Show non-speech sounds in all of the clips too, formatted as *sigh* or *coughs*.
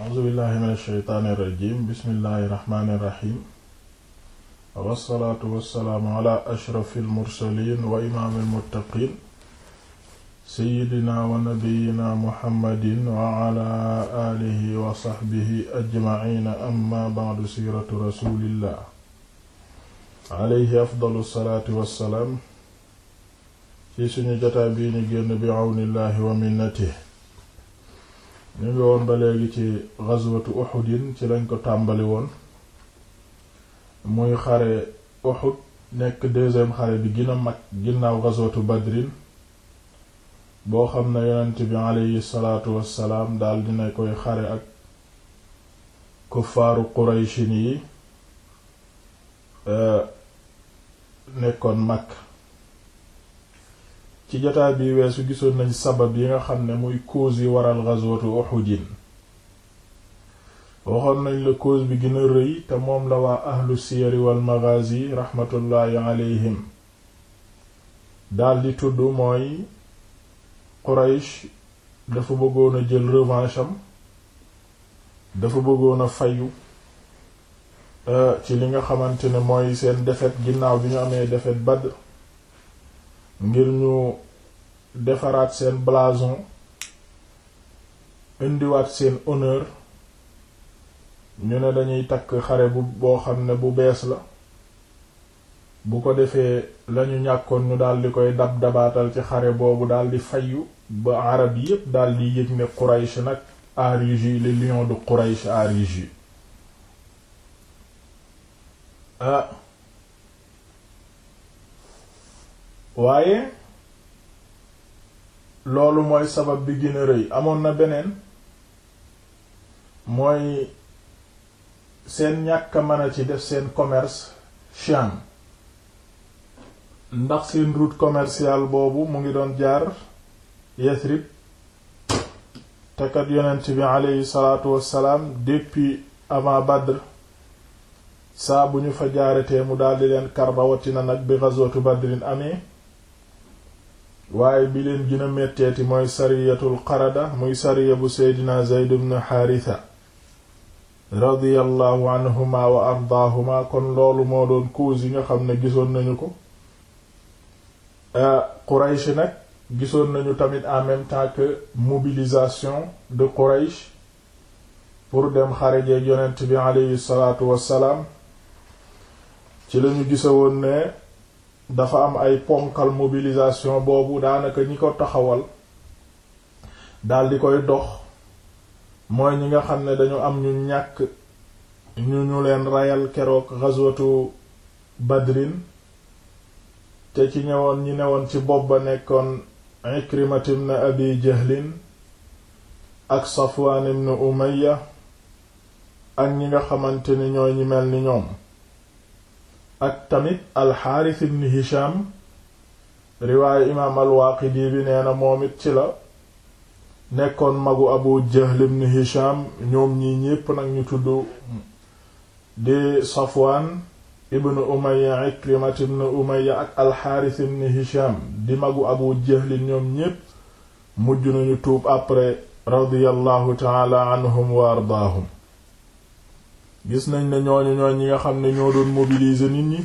a'uuzu billahi min asheytaani irrajim bismillahi irrahmaani irrahim wassalaatu wassalaamu ala ashrafi almursalin wa imaami almuttaqin seyidina wa nabiyina muhammadin wa ala alihi wa saxbihi ajmaina amma ba'du siiratu rasulillah alayhi afdalu salaatu wassalaam ci suñu jotaa bii ñu génn bi awnillahi wa minnatihi ñu ngi woon ba léegi ci ghazwatu Uhud ci lañ ko tàmbali woon muy xare Uhud nekk deuxième xare bi gën mag ginnaaw ghazwatu Badrin boo xam ne yonent bi aleyhi salaatu wassalaam dal dina koy xare ak kuffaaru Qurayshin yi eh, nekkoon Makka ci jotaay bi weesu gisoon nañ sabab yi nga xam ne muy cause yi waral ghazwatu Uhud waxoon nañ la cause bi gën a rëy te moom la waa ahlu siyari wal maghazi rahmatullahi alayhim daldi tudd mooy Quraysh dafa bëggoon a jël revanche dafa bëggoon a fayu euh, ci li nga xamante ne mooy seen défaite ginnaaw bi ñu amee défaite Badr ngir ñu defaraat seen blason indiwaat seen honneur ñu ne dañuy takk xare bu boo xam ne bu bees la bu ko defee lañu ñàkkoon ñu daldi koy dab dabaatal ci xare boobu daldi fayyu ba arab yépp daldi yëg ne Quraysh nag arigi les lion de Quraysh arigi ah waaye loolu mooy sabab bi gën rëy amoon na beneen mooy seen ñàkk mën a ci def seen commerce Sham ndax seen route commerciale boobu mu ngi doon jaar Yathrib te kat yonent bi aleyhi salaatu wassalaam depuis avant Badr saa bu ñu fa jaaretee mu di leen kar rawatina nag bi ghazwatu Badrin amee waaye bi leen gën a metteeti mooy sariyatul qarada muy sariya bu seydina zayd ibn xaarisa radiyallahu anhuma wa ardaahuma kon loolu moo doon cause yi nga xam ne gisoon nañu ko ah, Quraysh nag gisoon nañu tamit en même temps que mobilisation de Quraysh pour dem xarejeeg yonent bi aleyhi salaatu wassalaam ci lañu woon ne dafa am ay ponkal mobilisation boobu daanaka ñi ko taxawal daldi koy dox mooy ñi nga xam ne dañu am ñu ñàkk ñu ñu leen rayal keroog ghazwatu badrin te ci ñëwoon ñi newoon ci bopp ba nekkoon Ikrimat ibn Abi Jahlin ak Safwan ibn Umayya ak ñi nga xamante ni ñooy ñi mel ni ñoom ak tamit alxaaris ibn hisham riwaaye imaam alwaaqidi bi nee na moom it ci la nekkoon magu abu jahl ibn hisham ñoom ñi ñépp nag ñu tudd di safwaan ibn umayya ikrimat ibn umayya ak alxaaris ibn hisham di magu abu jahl ñoom ñépp mujj nañu tuub après radiyallahu taala anhum wa ardaahum gis nañ ne ñooñu ñooñ ñi nga xam ne ñoo doon mobiliser nit ñi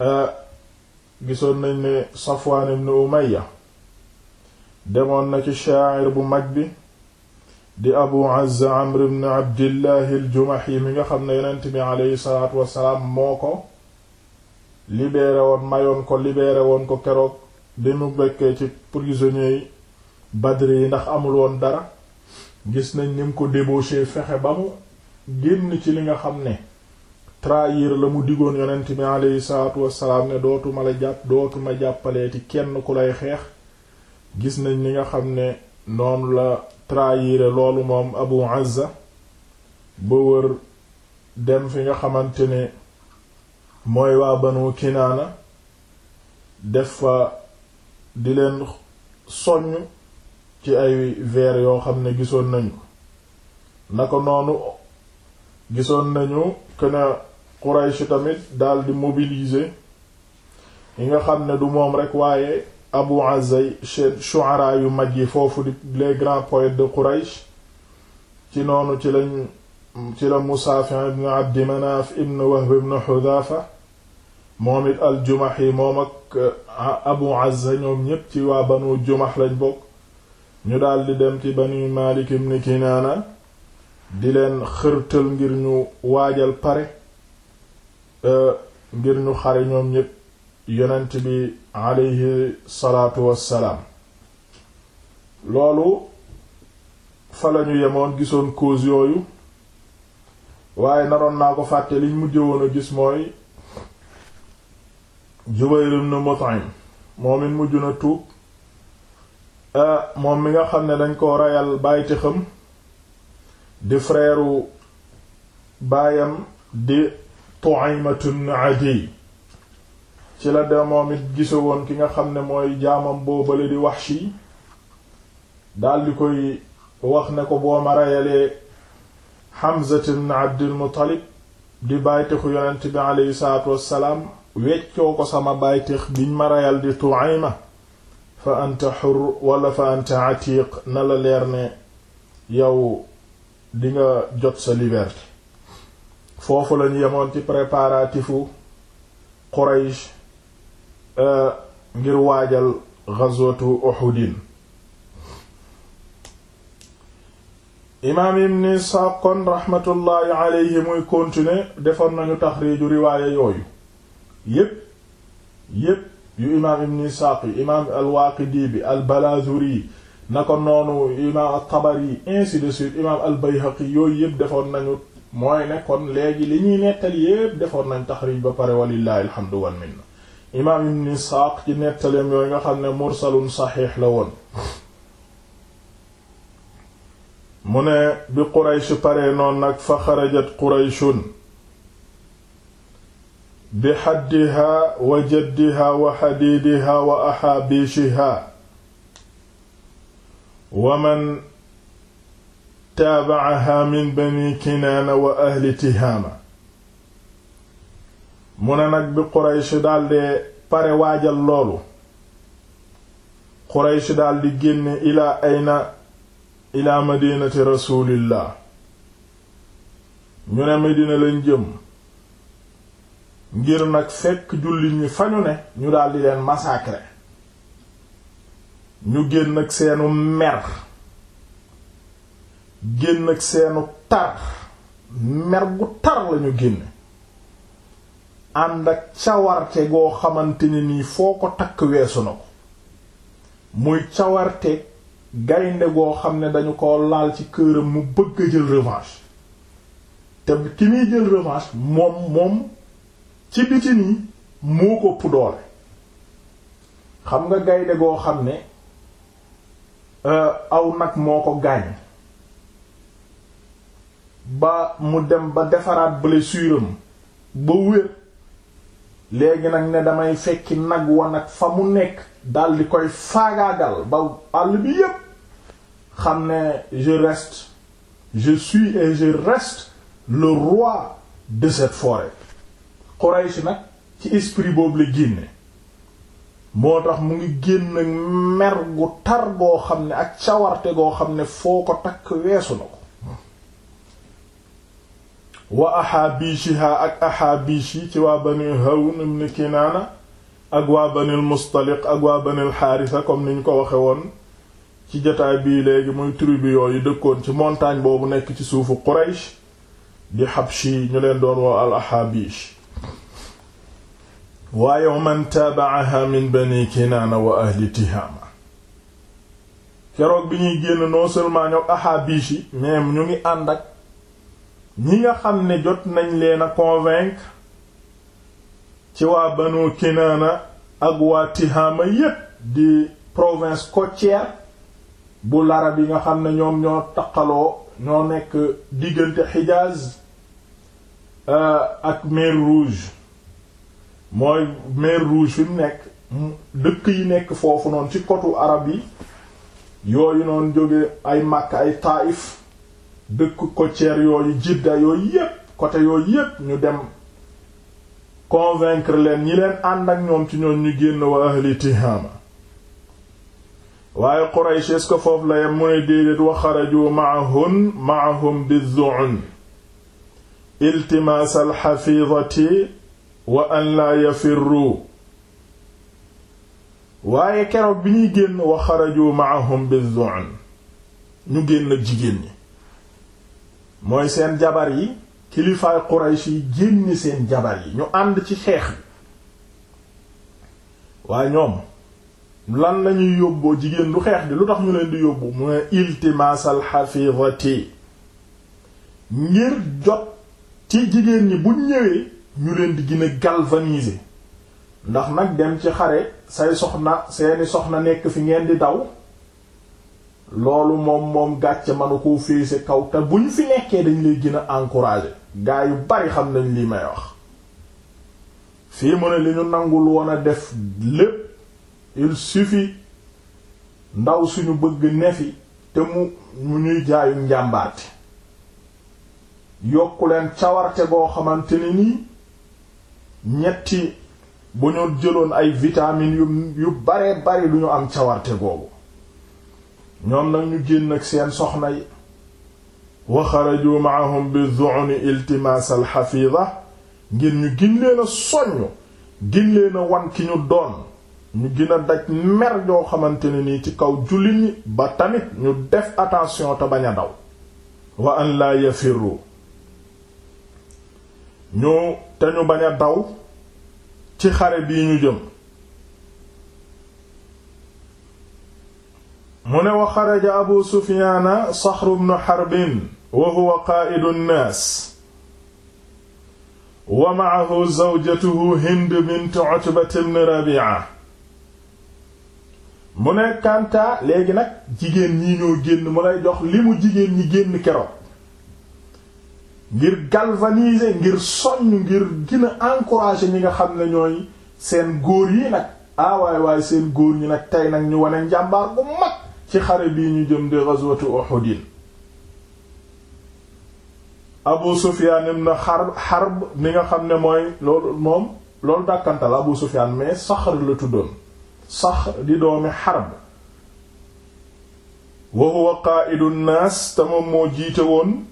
euh, gisoon nañ ne Safwan ibn Umayya demoon na ci sha'ir bu mag bi di Abu Azza Amr ibn Abdillah al-Jumahi mi nga xam ne yonent bi aleyhi salaatu wassalaam moo ko libéré woon mayoon ko libéré woon ko keroog bi mu bekkee ci prisonniers yi Badr yi ndax amul woon dara gis nañ ni mu ko débauché fexe ba génn ci li nga xam ne trahir la mu digoon yonent bi aleyhi salaatu wassalaam ne dootuma la jàpp dootuma jàppaleeti kenn ku lay xeex gis nañ li nga xam ne noonu la trahire loolu moom Abu Azza ba wër dem fi nga xamante ne mooy waa Banu Kinaana def fa di leen soññ ci ay vers yoo xam ne gisoon nañu naka noonu gisoon nañu këna Quraysh tamit di mobiliser yi nga xam ne du moom rek waaye Abu Azay shu'ara yu mag yi foofu di les grands poètes de Quraysh ci noonu ci lañ ci la Musaafi ibn Abdi Manaaf ibn Wahb ibn Hudaafa moom it al-Jumahi moom ak uh, Abu Azza ñoom ñépp ci waa Banu Jumah lañ bokk ñu daldi dem ci Banu Maalik ibn Kinaana di leen xërtal ngir ñu waajal pare e, ngir ñu xare ñoom ñépp yonent bi aleyhi salaatu wassalaam loolu fa lañu yemoon gisoon cause yooyu waaye naroon naa ko fàtte liñ mujj woon a gis mooy Jubayr ibn Mut'im moom it mujj na tuub e, moom mi nga xam ne dañ ko reyal bàyyiti xam di frère baayam di Tu'aymatun Adiy ci la de moom it gise woon ki nga xam ne mooy jaamam boobale di Wahshi daldi koy wax ne ko boo ma reyalee Hamzatun Abdul Muttalib di bàytixu yonent bi aleyhi salaatu wassalaam weccoo ko sama bàytix biñ ma reyal di Tu'ayma fa anta hurr wala fa anta atiq na la leer ne yow di nga jot sa liberté foofu lañu yemoon ci préparatifu Quraysh euh, ngir waajal ghazwatu Uhudin imaam ibn Isxaaq kon raxmatullaahi yi muy continuer defoon nañu taxriiju riwaaya yooyu yépp yépp yu imaam ibn Isxaaq yi imaam al-Waaqidi bi al-Balaazuri na ko noonu imaam at-Tabari ainsi de suite imaam al-Bayhaqi yooyu yëpp defoon nañu mooy ne kon léegi li ñuy nettali yëpp defoon nañ taxriij ba pare walillahi alhamdu wal minna imaam ibn Isxaaq ci nettaleem yooyu nga xam ne mursalun saxiix la woon mu ne bi Quraysh pare noonu nag fa xarajat Qurayshun bi xaddiha wa jaddiha wa xadiidiha wa axaabiishiha wa man taabacaha min bani kinaana wa ahli tihaama mu ne nag bi quraysh daldi pare waajal loolu quraysh daldi génne ilaa ayna ilaa madinati rasulillah ñu ne madina lañ jëm ngir nag fekk jullit ñi fa ñu ne ñu daldi leen massacrer ñu génn ak seenu mer génn ak seenu tar mer gu tar lañu génn ànd ak cawarte goo xamante ne nii foo ko takk weesu na ko muy cawarte gaynde goo xam ne dañu ko laal ci këram mu bëgg a jël revanche te ki muy jël revanche moom moom ci biti nii moo ko ëpp xam nga gaynde goo xam ne Euh, aw nag moo ko gaañ ba mu dem ba defaraat blessure am ba wér léegi nag ne damay fekki nag wa nag fa mu nekk di koy faagaagal ba àll bi yépp xam ne je reste je suis et je reste le roi de cette forêt Quraysh nag ci esprit boobu la génne moo tax mu ngi génn mer gu tar goo xam ne ak cawarte goo xam ne foo ko takk weesu na ko wa ahaabiishiha ak ahaabiishi ci waa bani Hawn ibn Kinaana ak waa banil Mustaliq ak waa banil Haarisa comme ni ñu ko waxe woon ci jotaay bii léegi muy tribu yooyu dëkkoon ci montagne boobu nekk ci suufu Quraysh di Habshi ñu leen doon woo al ahaabiish waaye wa man taabaaha bani kinaana wa ahli tihaama keroog bi ñuy génn non seulement ñoo ñu ngi ànd ak ñi nga xam ne jot nañ leen a convaincre ci waa banu kinaana ak waa tihaama yépp di province côtière bu larab yi nga xam ne ñoom ñoo taqaloo ñoo nekk diggante Hijaz euh, ak mer Rouge mooy mer rouge fi mu nekk dëkk yi nekk foofu noonu ci kotu arab yi yooyu noonu jóge ay Makka ay Taïf dëkk côtière yooyu Jidda yooyu yépp côté yooyu yépp ñu dem convaincre leen ñi leen ànd ak ñoom ci ñoom ñu génn wa ahli waaye Quraysh est foofu la yem mu ne déedéet wa xaraju ma'ahum ma'ahum bi-dhu'un iltimaas hafizati wa an waaye keroog bi ñuy génn wa xaraju ma'ahum biz-zu'n ñu génn ak jigéen ñi mooy seen jabar yi kilifaay Quraysh yi génn seen jabar yi ñu ànd ci xeex bi waaye ñoom lan lañuy yóbboo jigéen du xeex di lu tax ñu leen di yóbbu mu ne iltimaasal xafidati ngir jot ci jigéen ñi buñ ñëwee ñu leen di gën a galvaniser ndax nag dem ci xare say soxna seeni soxna nekk fi ngeen di daw loolu moom moom gàcce manu koo féese kaw te bu ñu fi nekkee dañ lay gën a encourager gaa yu bari xam nañ li may wax fii mu ne li ñu nangul woon a def lépp il suffit ndaw suñu bëgg nefi te mu mu ñuy jaayu njàmbaate yokku leen cawarte boo xamante ne nii ñetti bu ñu jëloon ay vitamines yu yu baree lu ñu am cawarte boobu ñoom nag ñu génn ak seen soxna yi wa xaraju maahum bi zu'ni iltimaas al ngir ñu gin leen soññ gin leen wan ki ñu doon ñu gën a daj mer joo xamante ne nii ci kaw jullit ñi ba tamit ñu def attention te bañ a daw wa an laa yafirru ñu te ñu bañ daw ci xare bii ñu jëm mu ne wa xaraja abu sufiaana saxru bnu xarbin wa huwa qaaidu nnaas wa maahu zawjatuhu hind bint utbat bnu mu ne kàntaa léegi nag jigéen ñi ñoo génn mu lay jox li mu jigéen ñi génn keroog ngir galvaniser ngir soññ ngir gën a ñi nga xam ne ñooy seen góor yi nag awaay ah, waay seen góor ñi nag tey nag ñu wane njàmbaar bu mag ci xare bii ñu jëm di ghazwatu Uhud Abu Sufyan ibn Harb Harb mi nga xam ne mooy loolu moom loolu dàkkantal Abu Sufyan mais Saxr la tuddoon Saxr di doomi Harb wa huwa qa'idu nnaas te moo jiite woon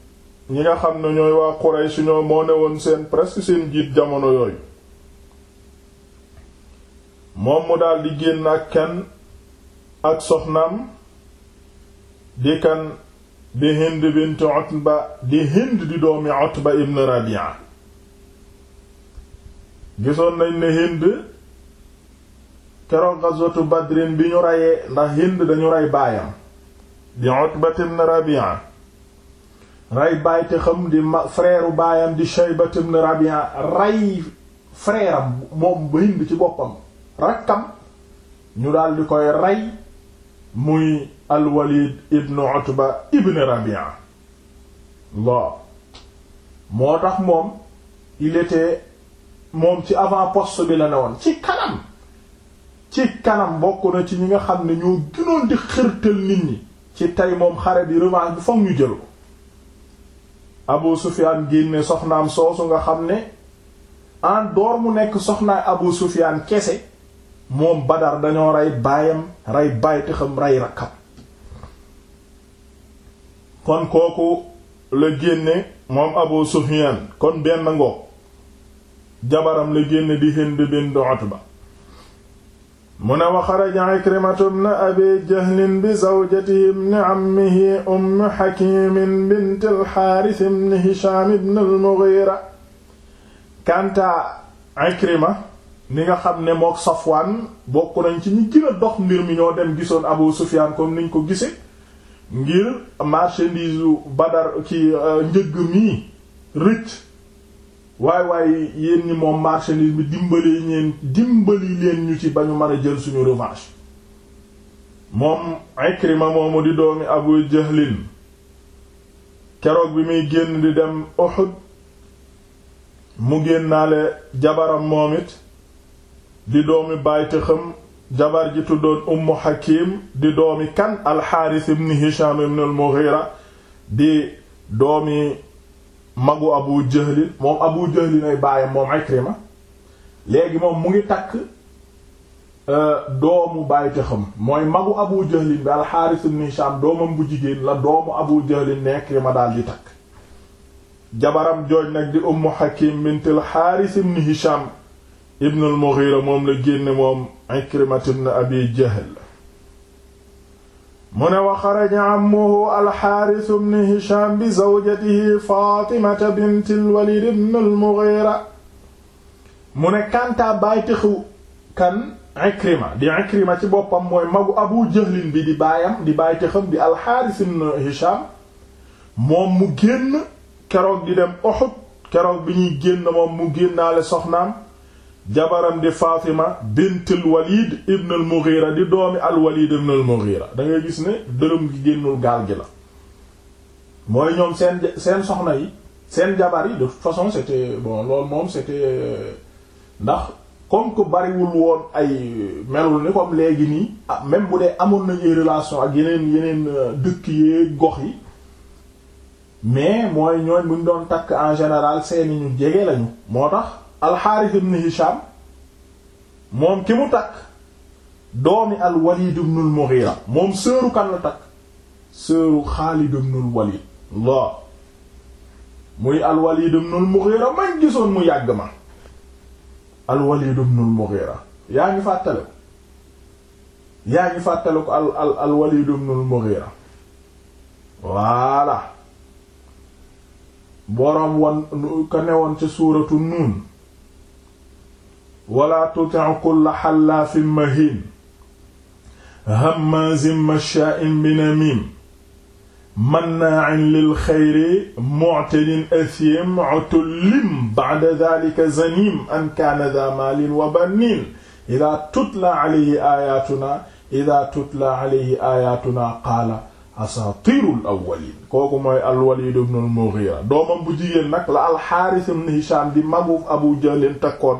ñi nga xam ne ñooy waa Quraysh ñoo moo ne woon seen presque seen jiit jamono yooyu moom mu daldi génn ak kenn ak soxnaam di kan di Hind bint Utba di Hind di doomi Utba ibn Rabi'a gisoon nañ ne Hind keroog ghazwatu Badrin bi ñu reyee ndax Hind dañu rey baayam di Utba ibn Rabi'a rey baay te xam di ma frère baayam di Shaybat ibn Rabi'a rey frère am moom ba Hind ci boppam rakkam ñu daal di koy rey muy al-Walid ibn Utba ibn Rabi'a moo tax moom il moom ci avant-poste bi la ne woon ci kanam ci kanam bokk na ci ñi nga xam ne ñoo gënoon di xërtal nit ñi ci tey moom xare bi revanche bi foog ñu jël ko Abu Sufyaan génne soxnaam soosu nga xam ne en mu nekk soxnaay Abu Sufyaan kese moom Badar dañoo rey baayam rey baay tëxam rey rakkam kon kooku la génne moom Abu Sufyaan kon benn ngoog jabaram la génne di Hind bint ba mu ne wa xaraja Ikrimatu bnu Abi Jahlin bi zawjatihi bni ammihi Ummi Hakiim bint al-Haaris bni Hishaam bni al-Mughiira kanta Ikrima ni nga xam ne mook Safwaan bokk nañ ci ñi gën dox mbir mi ñoo dem gisoon Abu Sufyaan comme niñ ko gise ngir marchandise u Badar ci euh, njëgg mi rëcc waay waay yéen ñi moom marchandise bi dimbali ñeen dimbali leen ñu ci ba ñu a jël suñu revanche moom Ikrima moomu di doomi Abu Jahlin keroog bi muy génn di dem Uhud mu génnaale jabaram moom it di doomi bàytëxam jabar ji tuddoon Ummu Hakim di doomi kan al Harith ibn Hisham ibn al Mughira di doomi magu abu jahlin moom abu jahlin ay baayam moom ikrima léegi moom mu ngi takk euh, doomu baay tëxam mooy magu abu jahlin bi alxaaris ibn hisham doomam bu jigéen la doomu abu jahlin ne ikrima daal di takk jabaram jooj nag di ummu hakim bint alxaaris ibn hisham ibn al mughira moom la génne moom ikrimat ibn abi jahl mu ne wa xaraja ammuhu alxaarisu bnu hisham bi zawjatihi faatimata bint alwalid bnu almughira mu ne kantaa bàytixu kan ikrima di ikrima ci boppam mooy magu abu jahlin bi di baayam di bàytixam di alxaaris bnu hisham moom mu génn keroog di dem Uhud keroog bi ñuy génn moom mu génnaale soxnaam jabaram di Fatima bint al Walid ibn al Mughira di doomi al Walid ibn al da ngay gis ne dërëm gi génnul gaal gi la mooy ñoom seen seen soxna yi seen jabar yi de toute façon c'était bon loolu moom c'était euh, ndax comme que bariwul woon ay melul ni comme léegi nii ah même bu dee amoon nañuy relation ak yeneen yeneen euh, dëkk yee gox yi mais mooy ñooñ buñ doon takk en général seeni ñu jege lañu moo tax alxaaris ibn hisham moom ki mu takk doomi alwalid ibn al-mughira moom seeru kan takk seeru xaalid ibn al-walid muy alwalid ibn al-mughira mañ gisoon mu yàgg ma alwalid ibn al-mughira yaa ngi fàttale ko yaa ngi fàttale ko al al alwalid ibn al-mughira voilà boroom wan ka newoon ca suuratu nuun wala tuti' kulla xallaafin mahiin hammaazin mashaa'in binamiim mannaa'in lil xayri mu'tadin asiim utullin ba'da zaalika zaniim an kaana zaa maalin wa baniin idaa tutlaa alayhi aayaatunaa idaa tutlaa alayhi aayaatunaa qaala asaatiirul awwaliin kooku mooy al-Waliid ibnul Mughiira doomam bu jigéen nag la al-Haaris ibn Hishaam di magu Abu Jahl takkoon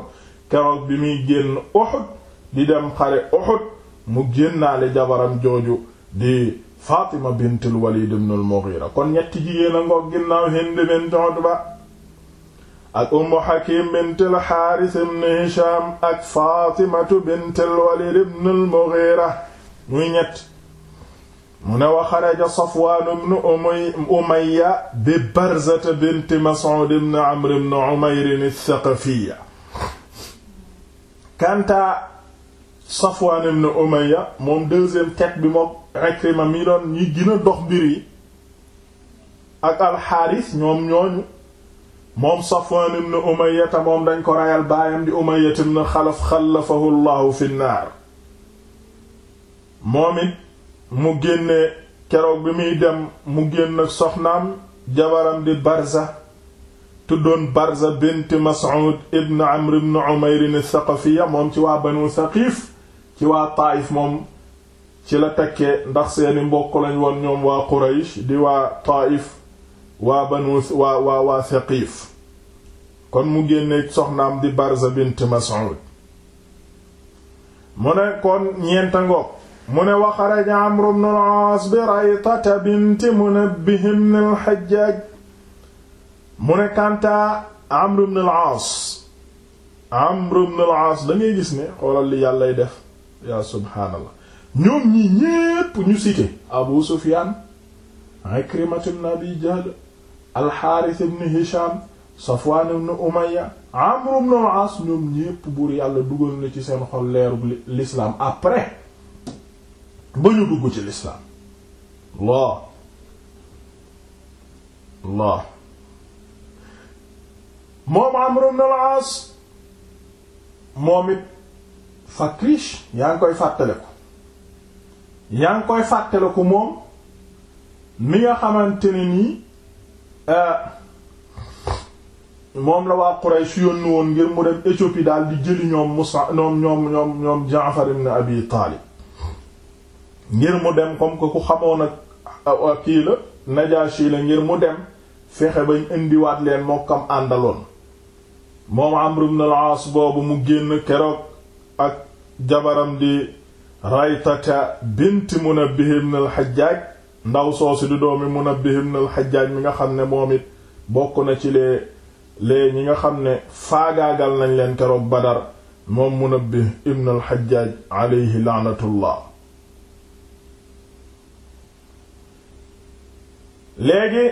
keroog bi muy génn Uhud di dem xare Uhud mu génnaale jabaram jooju di Fatima bintul Walid ibn al kon ñetti jigéen a ngoog ginnaaw Hind bint Utba ak Ummu Hakim bintul Harith ibn Hisham ak Fatimatu bintul Walid ibn al muy ñett mu ne wa xaraja Safwaan ibn Umayya bi Barzata bint Mas'ud ibn Amr ibn Umayr ath-Thaqafiyya kanta Safwan ibn Umayya moom deuxième tête bi moom Ikrima mi ñi gën a dox ak alxaaris ñoom ñooñu moom Safwan ibn Umayya te moom dañ ko rayal baayam di Umayya ibn Xalaf xalafahu fi naar moom mu génne keroog bi muy dem mu génn soxnaam jabaram di Barza tuddoon Barza bint Mas'ud ibn Amr ibn Umayr as-Saqafiya moom ci waa Banu Saqif ci waa Taayif moom ci la takkee ndax seeni mbokk lañ woon ñoom waa Quraysh di waa Taayif waa Banu waa kon mu génne soxnaam di Barza bint Mas'ud mu ne kon ñeenta ngoog mu ne wa xaraja Amr ibn al-As bi Raytata bint Munabbih ibn al-Hajjaj mu ne Kanta Amr ibn al-Aas Amr ibn al gis ne xoolal li yàllay def yaa subhaanallah ñoom ñi ñépp ñu cité Abu Sufyaan Ikrimah ibn Abi Jahl al-Haaris Hisham Safwaan ibn Umayya Amr ibn al ñoom ñépp buur yàlla dugal na ci seen xol leeru l'islam après ba ñu dugg ci l'islam Allah Allah moom Amr ibn al-As moom it Fakish yaa ngi koy fàttaliku yaa ngi koy fàttaliku moom mi nga xamante ne nii eh, moom la waa Quraysh yónni woon ngir mu dem Éthiopie daal di jëli ñoom Musa ñoom ñoom ñoom ñoom Jaafar Taalib ngir mu dem comme que ku xamoon ak kii la Najaashi la ngir mu dem fexe bañ indiwaat leen mokkam àndaloon moom Amr ibn aas boobu mu génn keroog ak jabaram di Raytata bint Munabbih ibn al ndaw soosu di doomi Munabbih ibn al-Hajjaj mi nga xam ne moom it bokk na ci lee lee ñi nga xam ne faagaagal nañ leen keroog Badar moom Munabbih ibn al-Hajjaj alayhi laanatullah léegi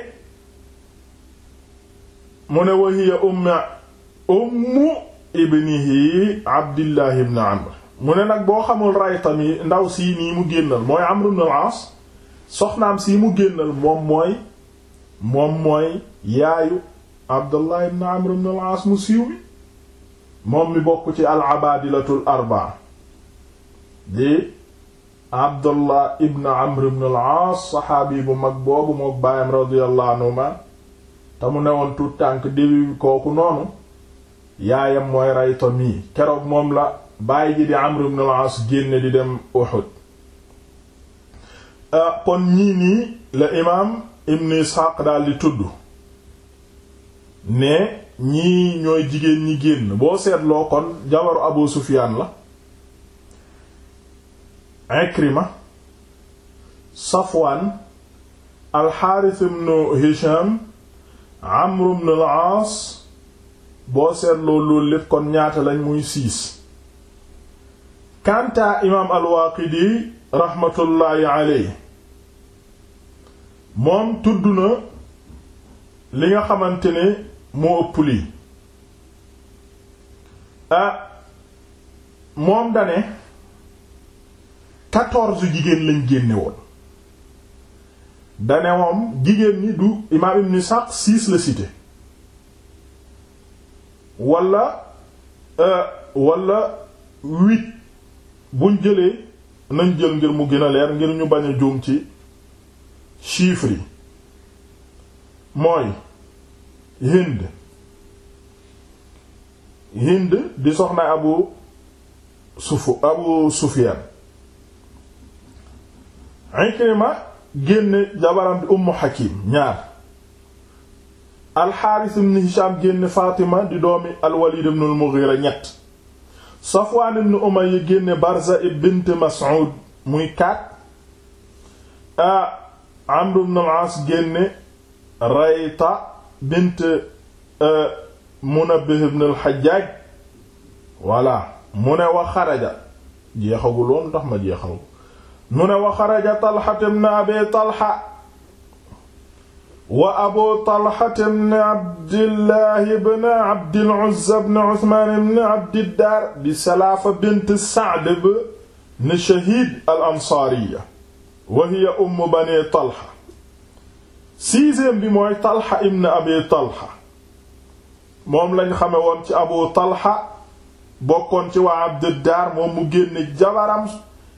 mu ne wahiya umma ummu ibnihi abdillahi ibn amr mu ne nag boo xamul raytami ndaw sii nii mu génnal mooy amr ibn al-aas soxnaam sii mu génnal moom mooy yaayu abdullah ibn amr ibn al-aas mu siiw bi moom mi bokk ci al-abaadilatul arbaa di abdullah ibn amr ibn al-aas saxaabi bu mag boobu mook baayam radiyallahu te mu newoon tuut tànk début kooku noonu yaayam mooy rayto mi keroog moom la bàyyi ji di Amr ibn al-As génne di dem Uhud ah, kon ñii nii la imaam Ibn Ishaq daal tudd ne ñii ñooy jigéen ñi génn boo seetloo kon jabaru Abu Sufyaan la Ikrima Safwaan al-Haaris ibn Hisham Amr ibn boo seetloo loolu lépp kon ñaata lañ muy six kantaa imaam al-Waaqidi raxmatullaahi aley moom tudd na li nga xamante ne moo ëpp lii ah moom dane quatorze jigéen lañ génne woon dane moom jigéen ñi du imaam ibn Sa'd six la cité wala euh, wala huit buñ jëlee nañ jël ngir mu gën a leer ngir ñu bañ a ci chifri yi mooy Hind Hind di soxna Abu Sufu Abu Sufyan ma génne jabaram di Ummu Hakim ñaar alxaaris ibn hisham génne faatima di doomi alwalid ibn al-mughira ñett safwaan ibn umayya barza bint mas'ud muy kaat a ah, amr ibn al-aas génne rayta bint euh, munabbih ibn al-hajjaj voilà mu wa xaraja jeexagu loolu ndax ma jeexagu mu wa xaraja talha ibn abi talha wa abu talha ibn abdillahi ibn abdil uzza ibn uthman ibn abdiddaar di salaafa bint sa'd ibn shahid al ansaariya wa hiya ummu bani talha sixième bi mooy talha ibn abi talha moom lañ xame woon ci abu talha bokkoon ci waa abdiddaar moom mu génn jabaram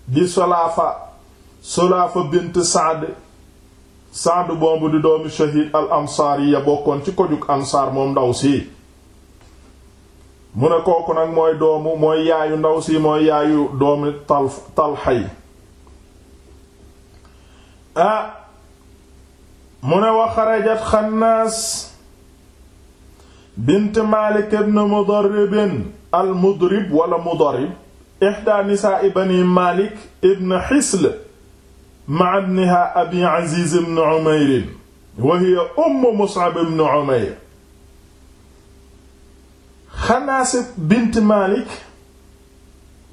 di salaafa salaafa bint sa'd saadu boobu di doomi shahid al ansaar yi ya bokkoon ci kojug ansaar moom ndaw si mu ne kooku nag mooy doomu mooy yaayu ndaw si mooy yaayu doomi tal talxa yi ah mu ne wa xarajat xannaas bint malik ibn mudarribin al mudrib wala mudarrib ihda nisaa'i bani malik ibn xisl ab ibniha abi aziz ibn umayr wa hiya ummu mus'ab ibn umayr xanaasib bint malik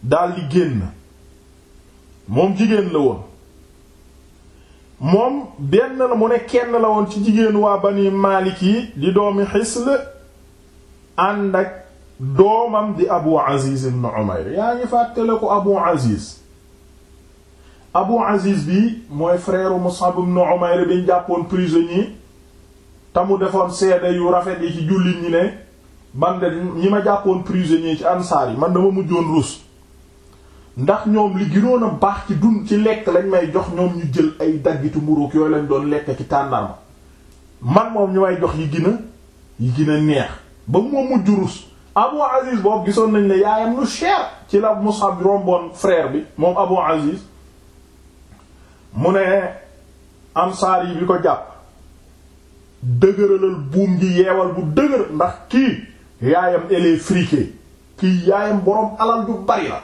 daldi génn moom jigéen la woon moom benn la mu ne kenn la woon ci jigéen waa bani maalik yi di doomi xisl ànd ak doomam di abu aziz ibn umayr yaa ngi fàttale ko abu aziz Abu Aziz bii mooy frère Mus'ab ibn Umayr biñ jàppoon prisonnier te mu defoon seede yu rafet yi ci jullit ñi ne man de ñi ma jàppoon prisonnier ci ansaar yi man dama mujjoon rus ndax ñoom li gënoon a baax ci dun ci lekk lañ may jox ñoom ñu jël ay daggitu mburook yooyu lañ doon lekk ci tàndarma man moom ñu may jox yi gën a yi gën neex ba mu mujj rus Abu Aziz boobu gisoon nañ ne yaayam lu cher ci la Mus'ab romboon frère bi moom Abu Aziz mu ne ansaar yi bi ko jàpp dëgëralal buum gi yeewal bu dëgër ndax kii yaayam elle est friquée kii yaayam boroom alal ju bari la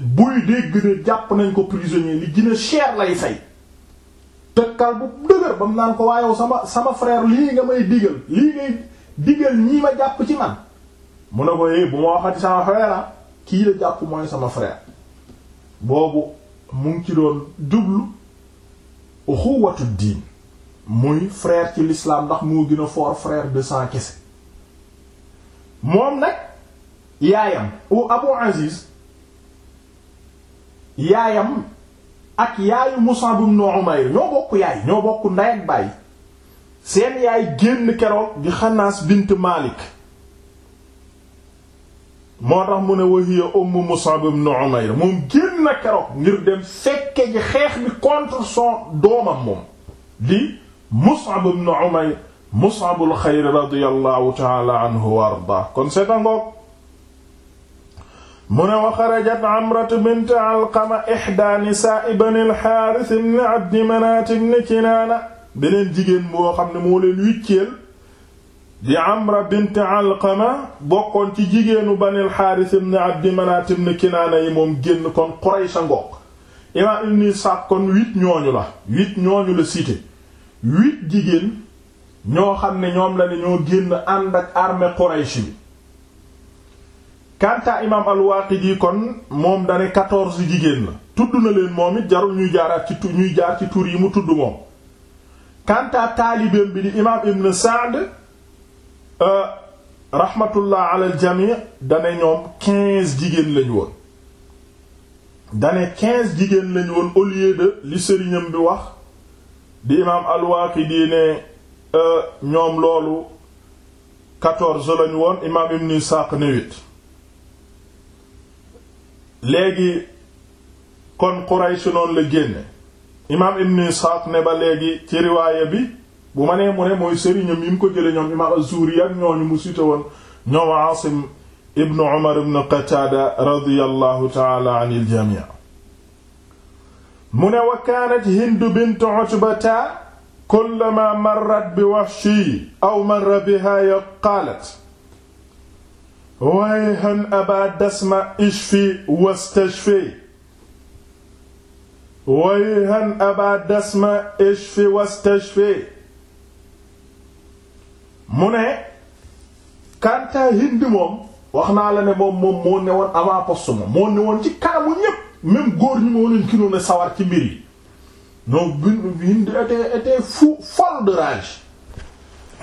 buy dégg ne jàpp nañ ko prisonnier li gën cher lay fay tëkkal bu dëgër ba mu naan ko waayow sama sama frère lii nga may digal lii ngay digal ñii ma jàpp ci man mu ne ko é eh, bu ma waxati sama frère ah kii la jàpp mooy sama frère boobu mu ngi ci doon jublu uxuwatu diin muy frère ci lislaam ndax moo gën a fort frère de sang kese moom nag yaayam u Abu Aziz yaayam ak yaayu Mus'ab ibn Umayr ñoo bokk yaay ñoo bokk ndey ak baay seen yaay génn keroog di Xanaas bint Malik moo tax mu ne wa hiya ummu Mus'ab ibn Umayr moom dem na keroog ngir dem fekke ji xeex bi contre son doomam moom di Mus'ab ibn Umayr Mus'abul xayr radiyallahu ta'ala anhu wa ardaa kon seetangoog mu ne wa xarajat Amratu bint Alqama ihdaa nisaa'i bani al-Haaris ibn Abdi Manaat ibn Kinaana beneen jigéen boo xam ne moo leen wicceel di amra bint alqama bokkoon ci jigéenu banil xaaris ibn abdi manaat ibn kinaana yi moom génn kon quraysa ngoog imaam ibn Isaaq kon huit ñooñu la huit ñooñu la cité huit jigéen ñoo xam ne ñoom la ne ñoo génn ànd ak armée quraysh bi kanta imaam al kon moom dane quatorze jigéen la tudd na leen moom it jarul ñuy jaaraat ci ñuy jaar ci tur yi mu tudd moom kanta taalibeem bi di imaam ibn Sa'd Euh, rahmatullah ala al jami dane ñoom jigéen lañ woon dane jigéen lañ woon au li sëriñam bi wax di imaam al-Waaqidi ne euh, ñoom loolu quatorze lañ woon imaam ibn Isaaq ne huit léegi kon Quraysh noonu la génne imaam ibn Isaaq ne ba léegi ci riwaaya bi bu ma nee mu ne mooy sëriñam yi mu ko jële ñoom imam az-Zuhri ak ñooñu mu cité woon ñoom Asim ibnu Umar ibnu Qataada radiyallahu taala anil jamii mu ne wa kaanat Hind bint Utbata kullama marrat bi Wahshi aw marra biha qaalat wayhan wayhan aba dasma ishfi wastashfi mu ne kanta Hind moom wax naa la ne moom moom moo ne woon avant poste moom moo ne woon ci kanamu ñépp même góor ñi moo leen kinoon a sawar ci mbir yi non Hind était était fou folle de rage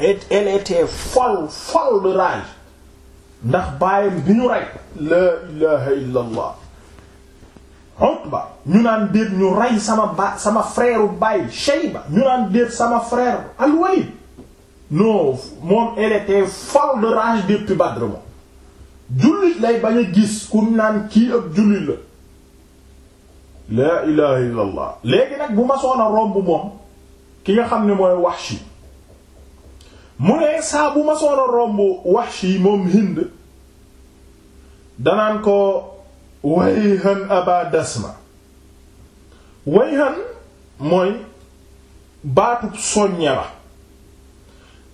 et elle était folle folle de rage ndax bàyyam bi ñu rey la ilaha illa allah Utba ñu naan déet ñu rey sama ba sama frère u baay Shayba ñu naan déet sama frère al non moom elle était folle de rage depuis moom jullit lay bañ a gis ku naan kii ab jullit la laa ilaha illa léegi nag bu ma soon romb moom ki nga xam ni mooy Wahshi mu ne saa bu ma moom Hind danaan ko wayhan aba dasma wayhan mooy baatub soññe la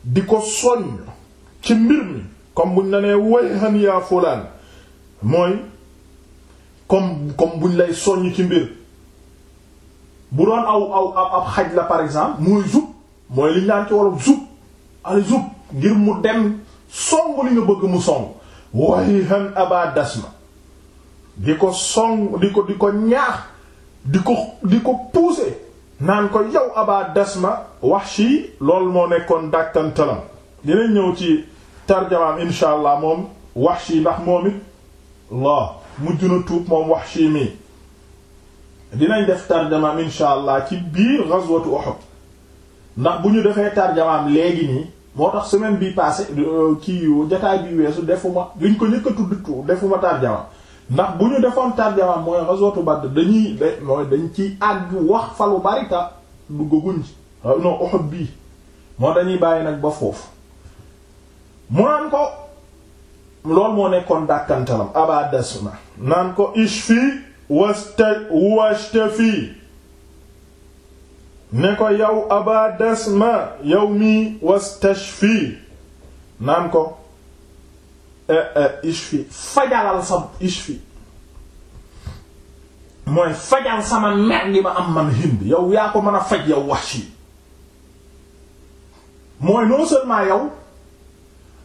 di ko soññ ci mbir mi comme buñ la nee wayhan yaa fulaan mooy comme comme buñ lay soññ ci mbir bu doon aw aw ab xaj la par exemple mooy zub mooy liñ naan ci wolof zub al zub ngir mu dem song li nga bëgg mu song wayhan aba dasma di ko song di ko di ko ñaax di ko di ko pousser naan ko yow ma dasma Wahshi loolu moo nekkoon dàkkantalam dinañ ñëw ci tarjamaam insha allah moom Wahshi ndax moom it la mujj na tuub moom Wahshi mi dinañ def tarjamaam insha allah ci biir ghazwatu Uhud ndax bu ñu defee tarjamaam léegi nii moo tax semaine bi passé euh, kii jataay bi weesu defuma luñ ko njëkk a tudd defuma tarjamaam ndax bu ñu defoon tarjama mooy ghazwatu Badr dañuy da mooy dañ ci àgg wax fa lu bari ta duggaguñ ci ah, non Uhud bii moo dañuy bàyyi nag ba foofu mu naan ko loolu moo nekkoon dàkkantalam aba dasma naan ko ishfi wasta washtafi ne ko yow aba dasma yow mi wastashfi naan ko Euh, euh, ishfi fajalal sa ishfi mooy fajal sama mer gi ma am man Hind yow yaa ko mën a faj yow Wahshi mooy non seulement yow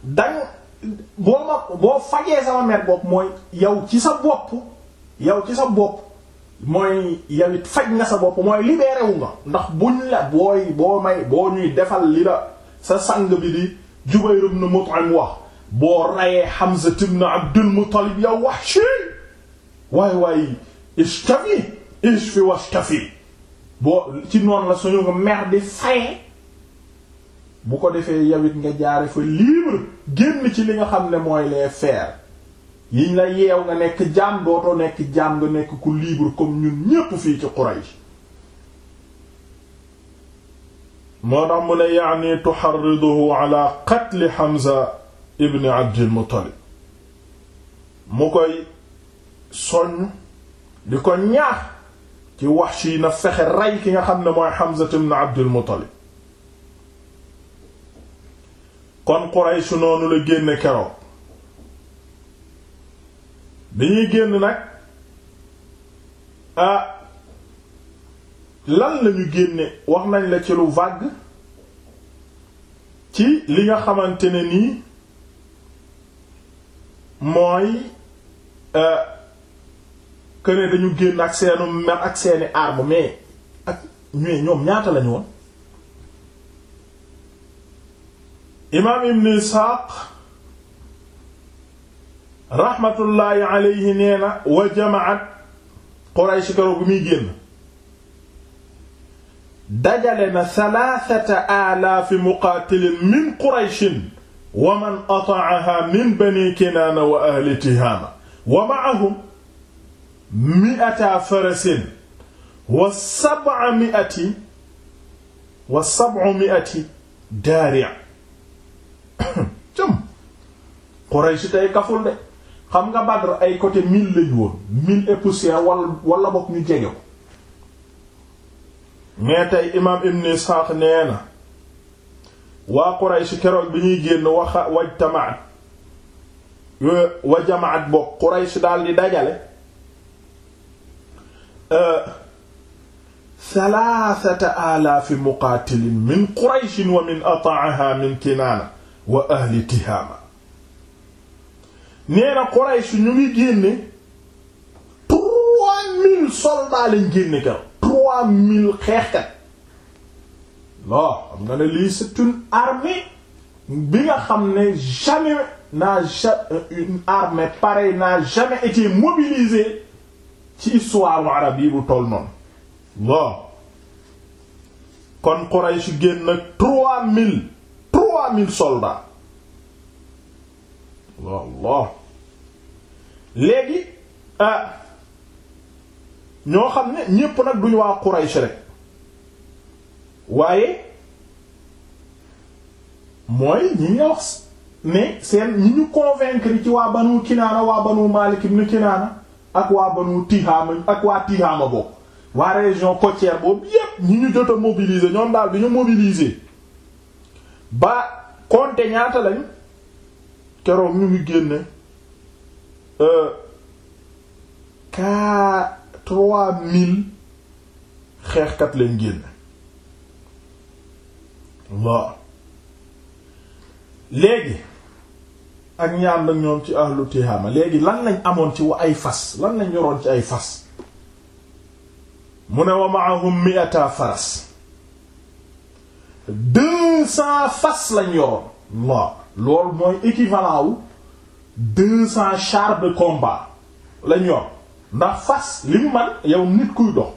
dang boo boo fajee sama mer bopp mooy yow ci sa ci sa bopp mooy yow it faj nga sa bopp mooy libéré wu ndax buñ la booy boo may boo ñuy defal li sa sang bi di Jubayr ibn Mut'im wax boo rayee Hamza ibn Abdul Muttalib yow Wahshi waay waay ishtafi ishfi washtafi boo ci noonu la suñu nga mer di faye bu ko defee yawit nga jaare fa libre génn ci li nga xam ne mooy les fers yiñ la yeew nga nekk jaam dootoo nekk jaam nga nekk ku libre comme ñun ñépp fii ci Quraysh moo tax mu ne yaani tuharriduhu ala qatl Hamza ibni abdil muttalib mu koy soññ di ko ñaax ci wax si na fexe rey ki nga xam ne mooy Hamza ibn abdil muttalib kon Quraysh noonu la génne keroog dañuy génn nag ah lan lañu génne wax nañ la ci lu vague ci li nga xamante ne nii mooy këne euh, dañu génn ak seenu mer ak seeni arme mais ak ñuy ñoom ñaata lañu woon imaam ibn isxaaq raxmatullaahi alayhi nee na quraysh karo bu muy génn dajale na salaasata alaafi muqaatilin min qurayshin wa man ata'aha min bani kinaana wa ahli tihaama wa ma'ahum mi'ata farasin wa sab'a mi'ati wa sab'u mi'ati daari' jëm *coughs* Quraysh tey kaful de xam nga Badr ay côté mille lañu woon mille et poussière wala wala bokk ñu jege ko mais tey imaam Ibn Ishaq nee na waa Quraysh keroog bi ñuy génn waxa wajtamaat wa jamaat bokk Quraysh daal di dajale salaasata euh, alaafi muqaatilin min Quraysh wa min ataaha min Kinaana wa ahli Tihaama nee na Quraysh ñu ngi génne trois mille soldats lañ génne keroog trois mille xeexkat non xam nga ne lii c'est une armée bi nga xam ne jamais n'a jamais euh, une armée pareille n'a jamais été ci histoire arab yi bu toll noonu bon kon Quraysh génn nag trois mille trois mille soldats wallah léegi ah ñoo xam ne ñépp nag duñu waa Quraysh rek waaye mooy ñi nga wax ne seen ñi ñu convaincre ci waa banu Kinaana waa banu Maalik ibn Kinaana ak waa banu Tihaama ak waa Tihaama boobu waa région côtière boobu yépp ñi ñu jot a mobiliser ñoom daal dañu mobiliser ba compter ñaata lañ keroog ñu ngi génne kaa euh, trois mille xeexkat lañ génne léegi ak ñaar nag ñoom ci ahlu Tihaama léegi lan lañ amoon ci wa ay fas lan lañ yoroon ci ay fas mu ne wa ma'ahum mi'ata faras deux cents fas lañ yoroon waaw loolu mooy équivalent wu deux cents chars de combat lañ yor ndax fas li man yow nit kuy dox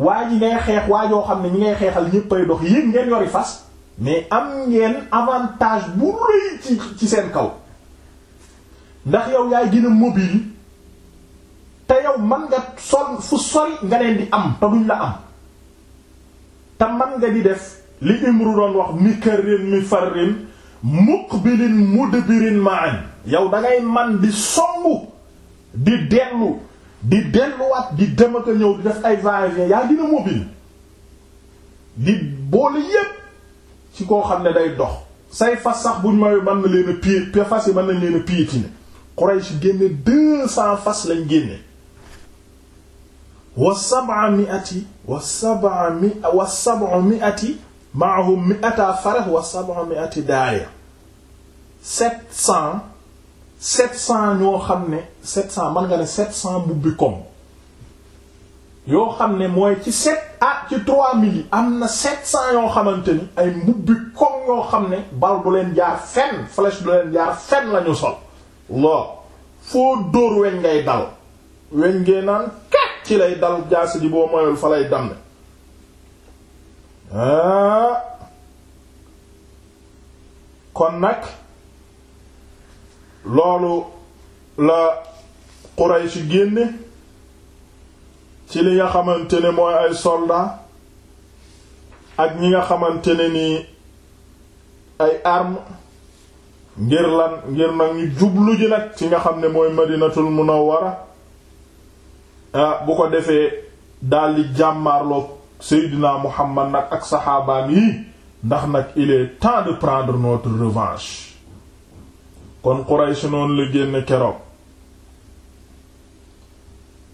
waa ñi ngay xeex waa joo xam ne ñi ngay xeexal ñëppay dox yéen ngeen yori fas mais am ngeen avantage bu rëy ci seen kaw ndax yow yaay gën mobile te yow man nga sol fu sol nga leen di am te duñ la am te man nga di def li Imru doon wax mi karrin mi farrin muqbilin mudbirin ma'an yow da ngay man di somb di dellu di delluwaat di dem ak a ñëw di def ay voyages yaa dina mobile di boole yépp ci koo xam ne day dox say fas sax buñ mayu mën na leen a pié fas yi mën nañ leen a piétiner Quraysh génne deux cents fas lañ génne wa sab'a mi'ati wa sab'a mi wa sab'a mi'ati ma'ahum mi'ata farah wa sab'a mi'ati daaya sept cents 700 ñoo xam ne 700 mën nga ne mbubbi koŋ yoo xam ne mooy ci 7 ah ci 3000 yi am na 700 yoo xamante ni ay mbubbi koŋ yoo xam ne bal du leen jaar fenn flèche du leen jaar fenn lañu sol. lool foo dóor weñ ngay dal weñ ngay naan kat ci lay dal jaasi ji boo moyul fa lay damm. Ah. kon nag. loolu la Quraysh génne ci li nga xamante ne mooy ay soldats ak ñi nga xamante ne ni ay arm ngir lan ngir nag ñu jublu ji nag ci nga xam ne mooy Madinatul a ah bu ko defee daldi jàmmaarloog Seydina Muhammad nag ak saxaabaan yi ndax nag il est temps de prendre notre revanche kon Quraysh noonu la génn keroog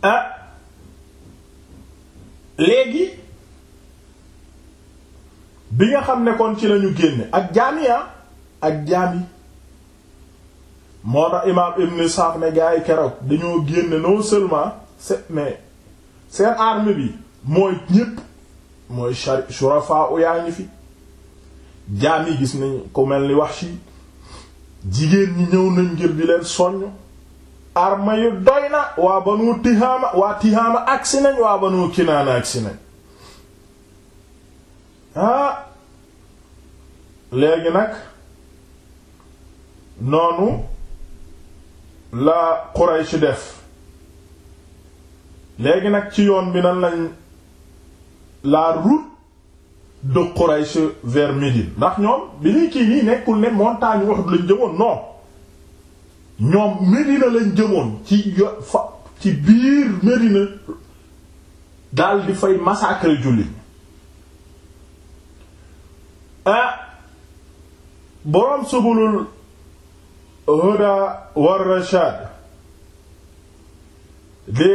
ah léegi bi nga xam ne kon ci lañu génne ak jaami ah ak jaami moo tax imaam Ibn Isxaaq ne gaa yi keroog dañoo génne non seulement c'est mais seen armée bi mooy ñépp mooy shurafa u yaa ngi fi jaami gis nañ ku mel ni Wahshi jigéen ñi ñëw nañ ngir di leen soññ arma yu doy na waa banu tihaama waa tihaama agsi nañ waa banu kinaana agsi nañ ah léegi nag noonu la ci def léegi nag ci yoon bi nan lañ la route de Quraysh vers Médine ndax ñoom bi ñuy kii nii nekkul ne montagne Uhud lañ jëmoon non ñoom Médina lañ jëmoon ci yo ci biir Médina daal di fay massacre julli ah boroom subulul huda war rashad de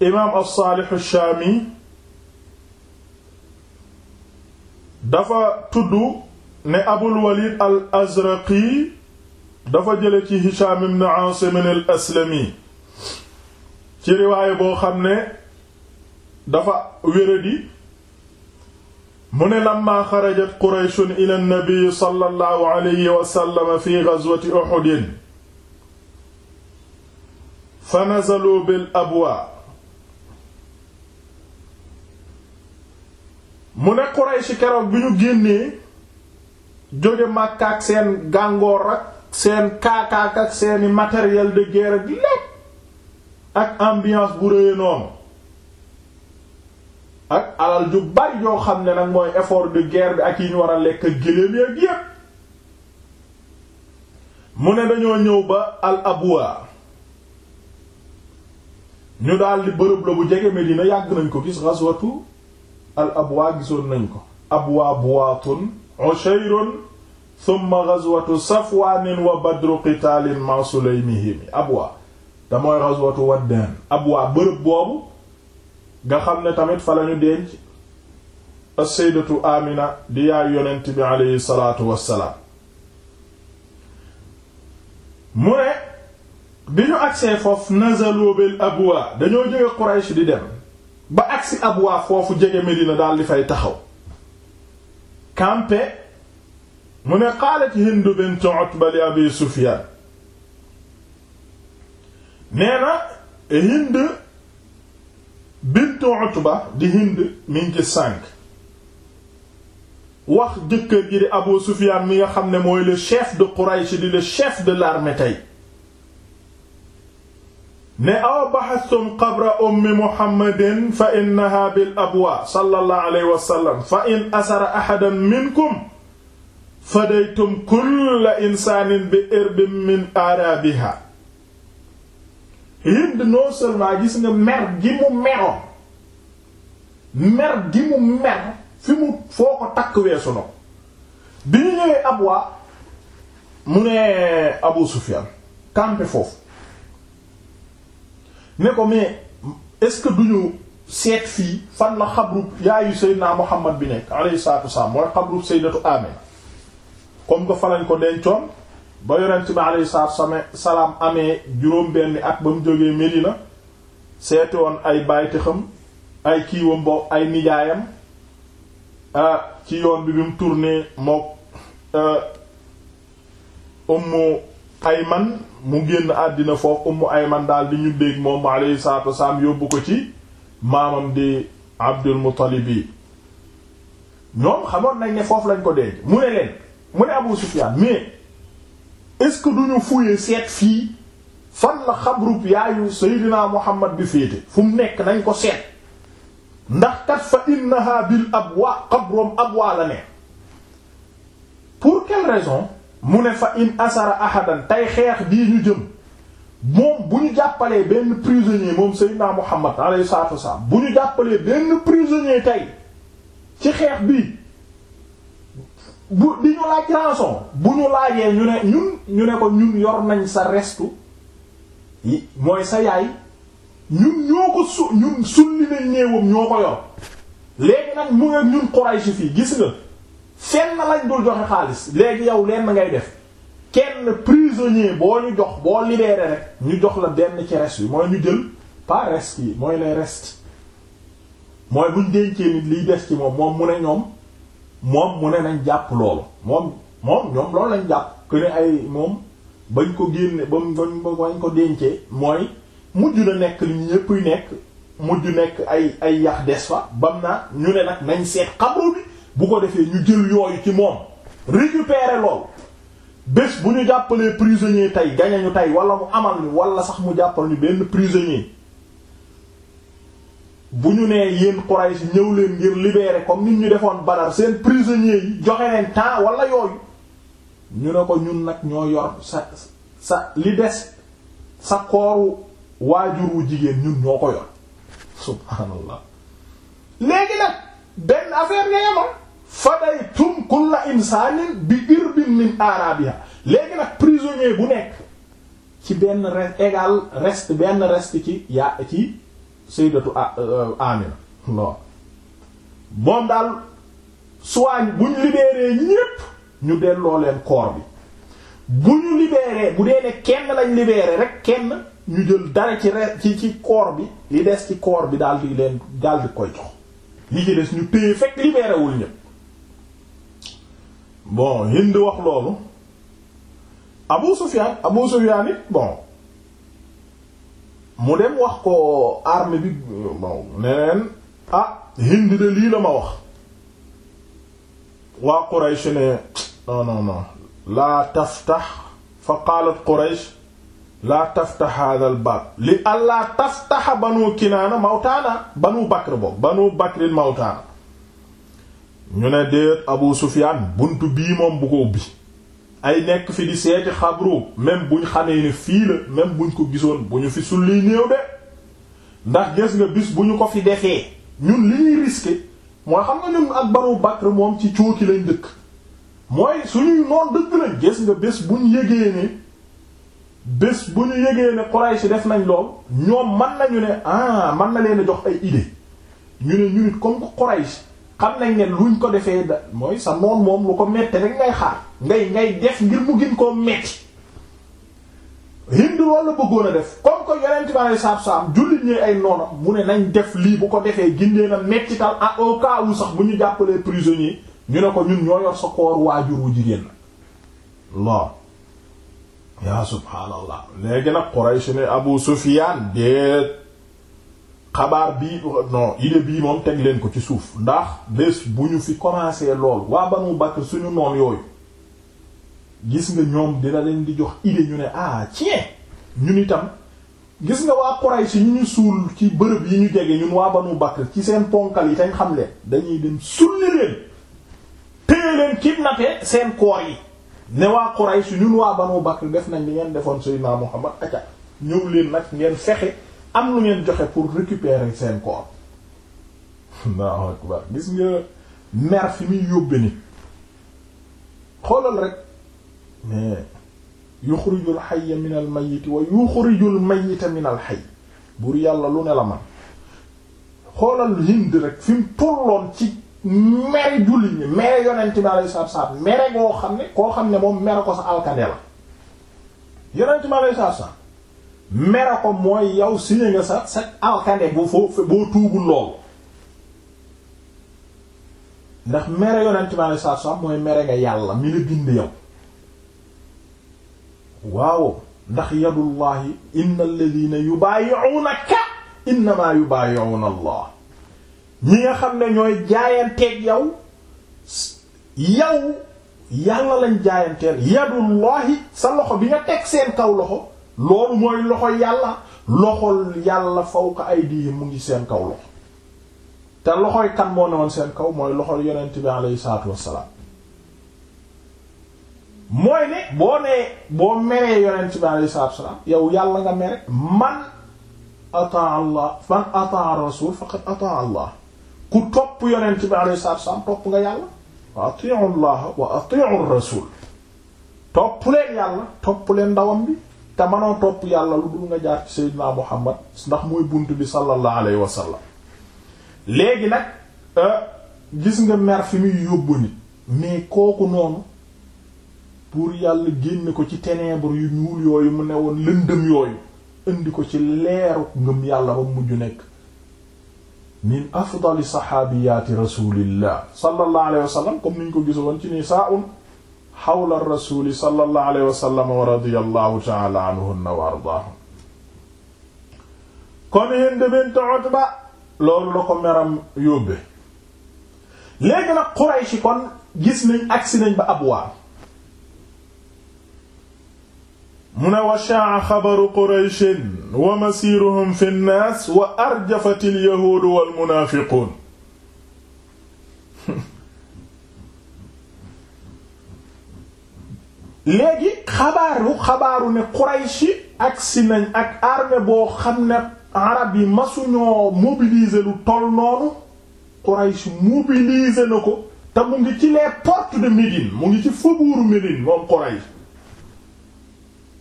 imaam as-Salih ash-Shami dafa tudd ne abul walid al azraqi dafa jële ci hisham ibn asim aslami ci riwaaya boo xam ne dafa wéradi mu ne lamma xarajat qurayshun ila nabi sallallahu alayhi wa fi ghazwati uhud fa nazalu bil abwa mu ne ci keroog bi ñu génnee jóge Makka ak seen gàngoor ak seen kaakaak ak seeni matériel de guerre ak lépp ak ambiance bu rëy noonu ak alal ju bari yoo xam ne nag mooy effort de guerre bi ak yi ñu war a lekk géléem ak yépp mu ne dañoo ñëw ba al abwa ñu daldi bërëb la bu jege Medina yàgg nañ ko gis ghazwatu al abwaa gisoon nañ ko abwaa buwaatun ushayrun thumma ghazwatu safwaanin wa badru qitaalin ma abwaa te mooy ghazwatu abwaa bërëb boobu nga xam ne tamit fa lañu denc as amina di yaay yonent aleyhi salaatu wassalaam mu ne bi ñu agsee foofu nazalu bil abwaa dañoo jóge Quraysh di dem ci ab Abwa foofu jege Medina daal di fay taxaw campé mu ne qaalat Hind bint Utba li Abi Sufyaan nee na Hind bint Utba di Hind mi ci wax jëkkër ji di Abu Sufyaan mi nga xam ne mooy le chef de Quraysh di le chef de l'armée tey ne aw baxastum qabra ummi muhammadin fa innaha bil abwa sallallahu alayhi wa sallam fa in asara ahadan minkum fadaytum kulla insaanin bi irbin min arabiha Hind non seulement gis nga mer gi mu meroon mer gi mu mer fi mu foo ko takk weesu na bi ñu ñëwee abwa mu ne Abu Sufyan campé foofu ne ko mais est-ce que seet fii fan la xabrub yaayu Seydina Muhammad bi nekk alayhi salaatu wasalaam mooy xabrub Sayyidatu Amina comme que fa ko dencoon ba yonent bi alayhi salaam amee juróom at ba mu jógee Medina seeti woon ay baytixam ay kiiwam boobu ay nijaayam ci yoon bi bi mu tourné mook ummu man mu génn àddina foofu ummu ayman daal di ñu dégg moom alayhi salaatu wasalaam yóbbu ko ci maamam di abdul muttalib yi ñoom xamoon nañ ne foofu lañ ko denc mu ne leen mu ne abu sufyan mais est-ce que duñu fuyee seet fii fan la xabrub yaayu seydinaa muhammad bi féete fu mu nekk nañ ko seet ndax kat fa innaha bil abwa xabrom abwa la ne pour quelle raison mu ne fa in asara ahadan tey xeex bii ñu jëm moom bu ñu jàppalee benn prisonnier moom Seydina Muhammad alayhi salaatu wasalaam bu ñu jàppalee benn prisonnier tey ci xeex bii bu di ñu laaj rançon bu ñu laajee ñu ne ñun ñu ne ko ñun yor nañ sa restu mooy sa yaay ñun ñoo ko su ñun sulli nañ néewam ñoo ko yor léegi nag mu ngi ñun Quraysh fii gis nga fenn lañ dul joxe xaalis léegi yow lenn ngay def kenn prisonnier boo ñu jox boo libéré rek ñu jox la benn ci yi mooy ñu jël pas reste yi mooy les restes mooy buñ dencee nit liy des ci moom moom mu ne ñoom moom mu ne nañ jàpp loolu moom moom ñoom loolu lañ jàpp que ay moom bañ ko génne ba bañ ko dencee mooy mujj na nekk li ñu ñëpp nekk mujj nekk ay ay yax des fa bam na ñu ne nag nañ seet xabru bi bu ko defee ñu jël yooyu ci moom récupérer lool bés bu ñu jàppalee prisonnier tey gañe ñu tey wala mu amal ñu wala sax mu jàppal ñu benn prisonnier bu ñu nee yéen Quraysh ñëw leen ngir libérer comme nit ñu defoon Badar seen prisonniers yi joxe leen temps wala yooyu ñu ne ko ñun nag ñoo yor sa sa li des sa kooru waajur wu jigéen ñun ñoo ko yor subhaanallah léegi nag benn affaire nga yemal ah. fadaytum kulla insaanin bi irbin min arabiha léegi nag prisonnier bu nekk ci benn reste égal reste benn reste ci yaa ci sayyidatu euh, Amina non moom daal soigne bu ñu ñépp ñu delloo leen corps bi bu ñu libéré bu dee ne kenn lañ libéré rek kenn ñu jël dara ci re ci ci corps bi li des ci corps bi daal di leen daal di koy jox li ci des ñu téye fekk libéré ñépp bon Hind wax loolu Abu Sufyan Abu Sufyan it bon mu dem wax ko armée bi bon neneen ah Hind de lii la ma wax waa Quraysh ne non laa taftax fa qaalat Quraysh laa taftax hada al li allaa taftaxa banu kinaana mawtaana banu Bakr boobu banu Bakrin mawtaana ñu ne déet Abu Sufyaan bunt bii moom bu ko ubbi ay nekk fi di seeti xabru même buñ xamee ne fii la même buñ ko gisoon bu ñu fi sulliy néew de ndax gis nga bis bu ñu ko fi defee ñun li ñuy risqué mooy xam nga ñun ak Banu Bakr moom ci cooki lañ dëkk mooy suñuy noon dëgg lañ gis nga bés bu ñu yëgee ne bés bu ñu yëgee ne Quraysh def nañ lool ñoom man nañu ne ah man na leen jox ay idée ñu ne ñu nit comme que xam nañ ne luñ ko defee da mooy sa noon moom lu ko metti rek ngay xaar ngay ngay def ngir mu gën koo metti Hind loolu la bëggoon def comme que yonent bi alei saatu jullit ñi ay noonam mu ne nañ def lii bu ko defee gindee na mettital ak ah, au sax bu ñu jàppalee prisonnier ñu ne ko ñun ñoo yor sa koor waajur wu jigéen la laa yaa subhaanallah léegi nag Quraysh ne Abu Sufyaan déet xabaar bii non idée bii moom teg leen ko ci suuf ndax bés bu ñu fi commencé lool waa ban mu Bakr suñu noon yooyu gis nga ñoom dina leen di jox idée ñu ne ah ci ñun itam gis nga waa Quraysh ñu ñu ci bërëb yi ñu jege ñun waa Banu Bakr ci seen ponkal yi tañ xam leen dañuy dem sulli leen téye seen koor yi ne waa Quraysh ñun waa Banu Bakr def nañ li ngeen defoon Seydina Muhammad aca ñëw leen nag ngeen fexe am lu ngeen joxe pour récupérer seen corps Allahu akbar gis nga mer fi muy yóbbe ni xoolal rek mais yuxrijul xayya min al mayiti wa yuxrijul mayita min al xay buur yàlla lu ne la man xoolal Hind rek fi mu tolloon ci mere jullit ñi mere yonent bi alayhi salaatu salaam mere goo xam ne koo xam ne moom mere ko sa alkande la yonent bi alayhi salaatu salaam mere ko mooy yow signé nga sa sa alkande bu foofu boo tuubul loolu ndax mere yonent bi alei satu salaam mooy mere nga yàlla mi la bind yow waaw ndax yadullahi inna alladhina yubayi'unaka innama yubayi'una allah ñi nga xam ne ñooy jaayanteeg yow yow yàlla lañ jaayanteel yadullahi sa loxo bi nga teg seen kaw loxo loolu mooy loxo yàlla loxol yàlla fawqa aydihim mu ngi seen kaw loxo te loxoy kan moo newoon seen kaw mooy loxol yonent bi alayhi salaatu wassalaam mooy ne boo nee boo meree yonent bi alayhi salaatu wassalaam yow yàlla nga mere man ataa allah man ataa rasul faqad ataa allah ku topp yonent bi alayhi salaatu wassalaam topp nga yàlla wa atiu allah wa atiu rasul topp leen yàlla topp leen ndawam bi te manoo topp yàlla lu dul nga jaar ci Seydina Muhammad ndax mooy bunt bi sallallahu alayhi wa sallam léegi nag euh, gis nga mer fi muy yóbbu nit mais kooku noonu pour yàlla génne ko ci ténèbres yu ñuul yooyu mu ne woon lëndëm yooyu indi ko ci leeru ngëm yàlla ba mujj nekk min afdali saxaabiyaati rasulillah sallallahu alayhi wa sallam comme ñu ko gisoon ci nisaa'un xawla rasuli sallallahu alayhi wa sallam wa radiyallahu ta'ala anhunna wa ardaahum kon Hind bint Utba loolu la ko meram yóbbe léegi nag Quraysh kon gis nañ agsi nañ ba Abwaa mu ne wa sha'a xabaru Qurayshin wa masiiruhum fi nnaas wa arjafatil yahuudu wal munaafiquun léegi xabaaru xabaaru ne Quraysh agsi nañ ak armée boo xam ne arab yi masuñoo mobiliser lu toll noonu Quraysh mobiliser na ko te mu ngi ci lee portes de Médine mu ngi ci faubourg Médine moom Quraysh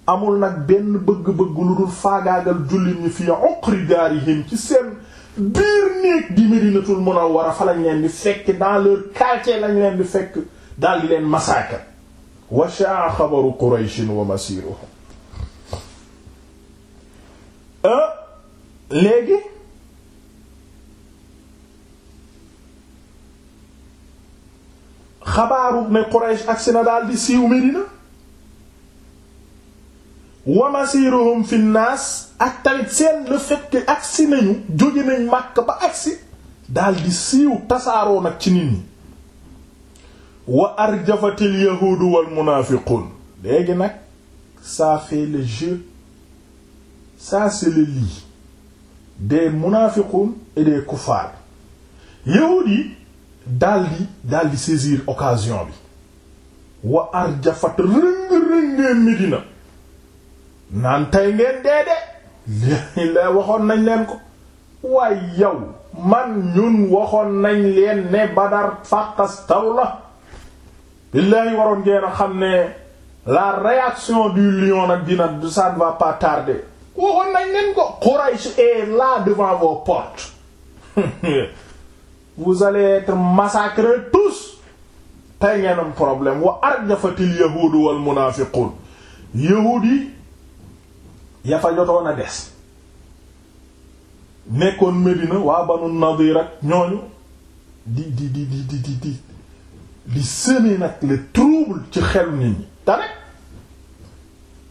amul nag benn bëgg-bëgg lu dul faagaagal jullit ñi fi yi daarihim ci seen biir néeg di Médinatul Munawwara fa lañ leen di fekk dans leur quartier lañ leen di fekk daal leen massacre wa sha'a xabaru qurayshin wa masiruhum léegi xabaaru ne Quraysh agsi na daal siiw Medina wa masiruhum fi naas ak tamit seen le fait agsi nañu jóge nañ Makka ba agsi daldi siiw tasaaroo nag ci nit ñi wa arjafatil yahuudu wal munaafiquun léegi nag ça fait le jeu ça c'est le lit des munaafiquun et des yahuud yi daldi daldi saisir occasion bi wa arjafat rëng-rëngeen Medina naan tey ngeen dee de la waxoon nañ leen ko waaye yow man ñun waxoon nañ leen ne Badar fàqas taw la billaahi waroon ngeen a xam ne la réaction du lion nag dina ça ne va pas tarder waxoon nañ leen ko Quraysh est là devant vos portes *laughs* vous allez être massacrés tous tey ngeen am problème wa arjafatil yahuudu wal munaafiquun yahuud yi ya fa a des nekkoon Medina waa Banu Nadir ak ñooñu di di di di di di di semer nag le trouble ci xelu nit ñi te rek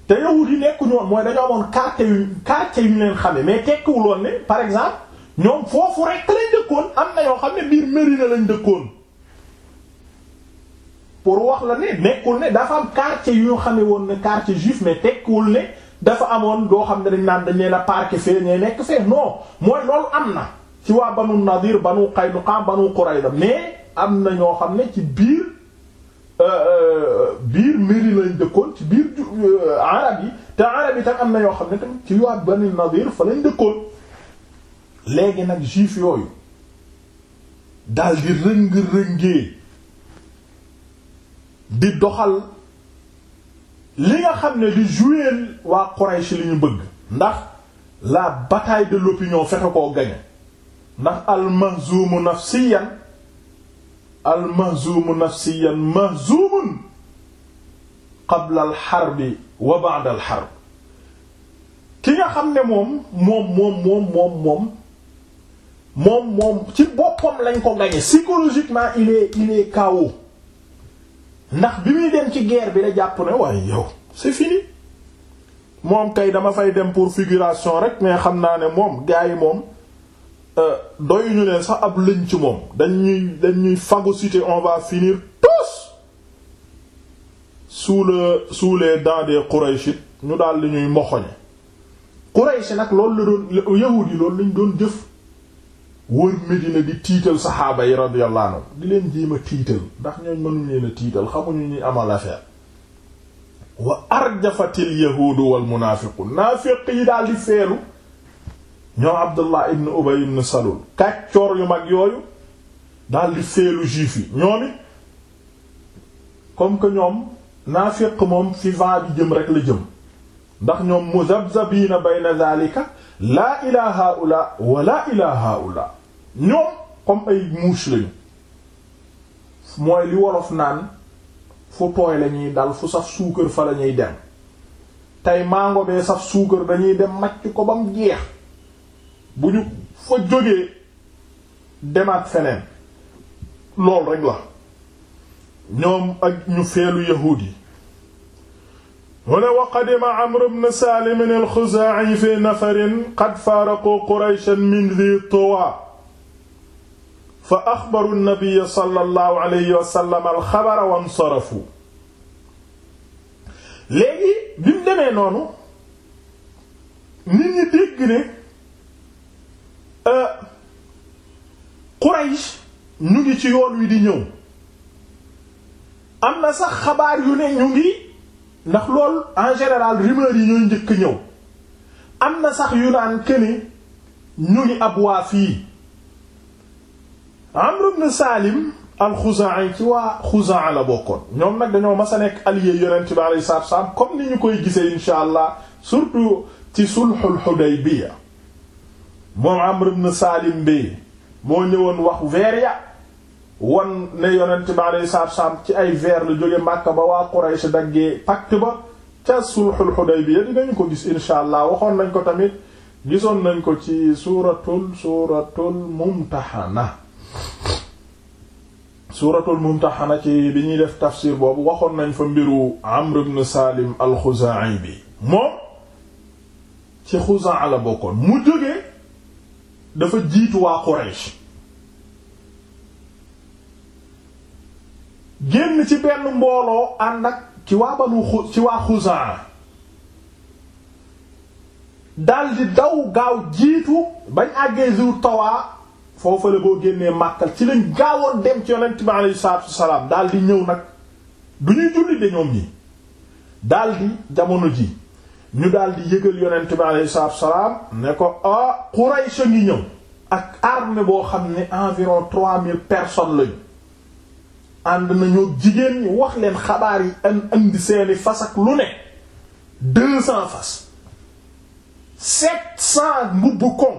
te yahut yi nekku ñoon mooy dañoo amoon quartier yu quartier yu ñu leen xame mais tekkiwuloon ne par exemple ñoom foofu rek lañ dëkkoon am na yoo xam ne biir Médina lañ dëkkoon pour wax la ne nekkul ne dafa am quartier yu ñu xame woon ne quartier juif mais tekkiwul ne dafa amoon doo xam ne dañ naan dañ leen a parqué fee ñee nekk fee non mooy loolu am na ci waa Banu Nadir Banu Qaynuqa Banu Qurayza mais am na ñoo xam ne ci biir euh, euh, biir Médine lañ dëkkoon ci biir euh, arab yi te arab yi tam am na ñoo xam ne tamit ci waa Bani Nadir fa lañ dëkkoon léegi nag juif yooyu dal di rëng-rëngee di doxal li nga xam ne di jouer waa Quraysh li ñu bëgg ndax la bataille de l'opinion fexe koo gañe ndax al-mahzum nafsiyan al mahzuumu nafsiyan mahzuumun qabla al harbi wa ba'da al harb ki nga xam ne moom moom moom moom moom moom moom ci boppam lañ ko gagné psychologiquement il est il est KO ndax bi muy dem ci guerre bi la jàpp ne waaye yow c'est fini moom kay dama fay dem pour figuration rek mais xam naa ne moom gars yi moom Euh, doyuñu leen sax ab lëñ ci moom dañ ñuy dañ ñuy phagocyté on va finir tous sous le sous ñu daal li ñuy moxoñe Quraysh nag loolu la doon yahuud yi loolu lañ doon jëf wër Medina di tiital saxaaba yi radiyallahu di leen jéem a tiital ndax ñooñ mënuñ leen a tiital xamuñu ñuy amal affaire wa arjafatil yahuudu wal munaafiqun yi daal di feelu ñoom Abdullah ibn Ubay ibn Salul kàccoor yu mag yooyu daldi feelu juif yi ñoom it comme que ñoom naafiq moom fi vent jëm rek la jëm ndax ñoom muzabzabiina bayna zaalika laa ilaa haula wala ilaa haula ñoom comme ay mouche lañu mooy li wolof naan fu tooy la ñuy dal fu saf suukar fa la ñuy dem tey mango bee saf suukar dañuy dem macc ko ba mu jeex bu ñu fa jógee demaat feneen loolu rek la ñoom ak ñu feelu yahuud yi mu ne wa qadima amr ibn saalim al fi nafarin qad faaraqu qurayshan min dhi tuwa fa axbaru an-nabiy sallallahu alayhi wa al-xabara wa insarafu léegi bi mu demee noonu nit ñi dégg ne Euh, Quraysh ñu ngi ci yoon wi di ñëw am na sax xabaar yu ne ñu ngi ndax lool en général rumeur yi ñooy njëkk ñëw am na sax yu naan këni ñu ngi ab waa fii Amr ibn Salim al yi ci waa Khuzaa la bokkoon ñoom nag dañoo ma sa nekk allié yonent bi alayhi salaatu wa comme ni ñu koy gisee insha allah surtout ci sulhul Hudaybiya moom Amr ibn Salim bi moo ñëwoon wax veer ya wan ne yonent bi alayhi salaatu ci ay veer la jóge Makka ba waa Quraysh daggee pacte ba ca sulhul Hudaybiya dinañu ko gis insha allah waxoon nañ ko tamit gisoon nañ ko ci suuratul suuratul Mumtahana suuratul Mumtahana ci bi ñuy def tafsir boobu waxoon nañ fa mbiru Amr ibn Salim al-Khuzaa'i bi moom ci Xuzaa la bokkoon mu jóge dafa jiitu waa Quraysh génn ci benn mbooloo ànd ak ci waa banu ci waa Xuzaa daldi daw gaaw jiitu bañ àggee Zu Tawaa foofu la boo génnee Màkka ci lañ gaawoon dem ci yonent bi alayhi salaatu wassalaam daldi ñëw nag du ñuy julli de ñoom ñi daldi jamono ji ñu daal di yëgal yonent bi alayhi salaatu salaam ne ko ah Quraysh a ngi ñëw ak armée boo xam ne environ trois mille personnes lañu ànd nañoo jigéen ñu wax leen xabaar yi an andi seeni fas ak lu ne deux cents fas sept cents mbubb koŋ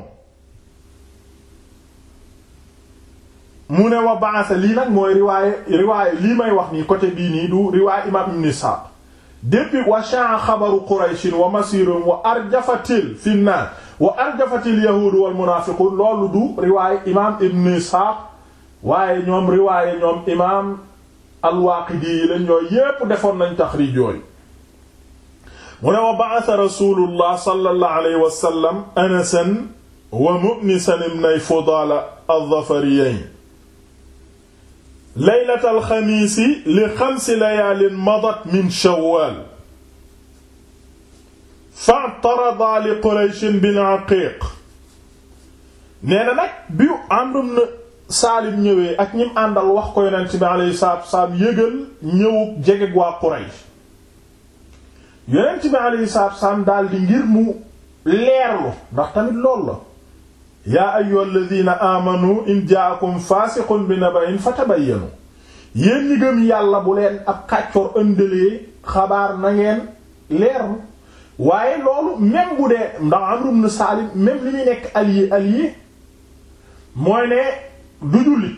mu ne wa baasa lii nag mooy riwaaye riwaaye lii may wax nii côté bii nii du riwaaye imam Ibn Sa'd depuis washaa xabaru qurayshin wa masiirum wa arjafatil fi nnaas wa arjafatil yahuudu wal munaafiquun loolu du riwaaye imaam ibn Isxaaq waaye ñoom riwaaye ñoom imaam al-Waaqidi yi lañ ñooy yépp defoon nañ taxriij yooyu mu ne wa ba'atha rasuulullah sallallahu alayhi wa sallam anasan wa mu'nisan ibnay Fudaala ad-Dafariyayn laylatal xamiisi li xamsi layaalin madat min shawwal fa'tarada li qurayshin bil aqiiq nee na nag bi àndum na saalim ñëwee ak ñim àndal wax ko yonent bi alayhi salaatu salaam yëgal ñëwub jegeg waa quraysh yonent bi daldi ngir mu leerlu ndax tamit loolu la yaa ayyuhal ladina amanu in jaakum faasiqun bi naba'in fatabayyanu yéen ñi gëm yàlla bu leen ab kàccoor ëndalee xabaar nangeen ngeen waaye loolu même bu dee ndax Amru ibn Salim même li ñu nekk allié allié mooy ne du jullit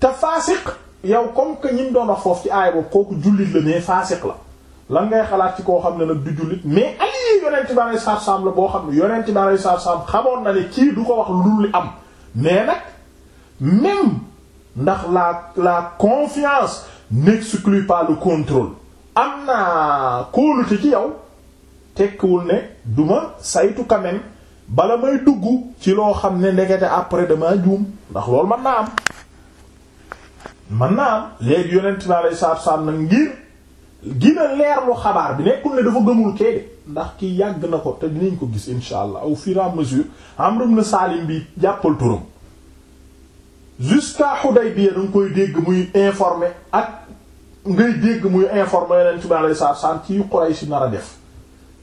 te faasiq yow comme que ñi doon wax foofu ci aay boobu kooku jullit la mais faasiq la lan ngay xalaat ci koo xam ne nag du jullit mais ali yonent bi alei satu salaam la boo xam ne yonent bi alei satu salaam xamoon na ne kii du ko wax lu li am mais nag même ndax la la confiance n'exclut pas le contrôle am naa kóolute ci yow tekkiwul ne du ma saytu quand même bala may dugg ci loo xam ne ndekete après dama juum ndax loolu mën naa am mën naa am léegi yonent bi alei satu salaam nag ngir gina leerlu xabaar bi nekkul ne dafa gëmul kay de ndax ki yàgg na ko te dinañ ko gis insha allah au fur et à mesure Amr ibn Salim bi jàppal turam jusqu'à Hudaybiya danga koy dégg muy informé ak ngay dégg muy informé yeneen ci bi alei satu salaam ci nar a def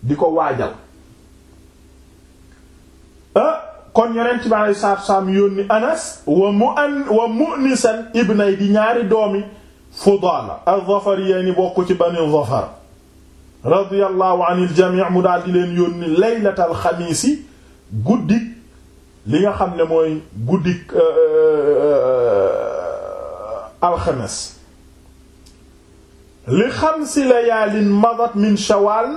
di ko waajal ah, kon yonent bi alei salatu salaam yónni Anas wa mu an wa mu'nisan ibnay di ñaari doomi Fudaala az-Zafariyayni bokk ci Bani Zafar radiyallahu anil jamii mu daal di leen yónni laylatal xamiisi guddik li nga xam ne mooy guddik euh, euh, alxames li xamsi layaalin madat min shawaal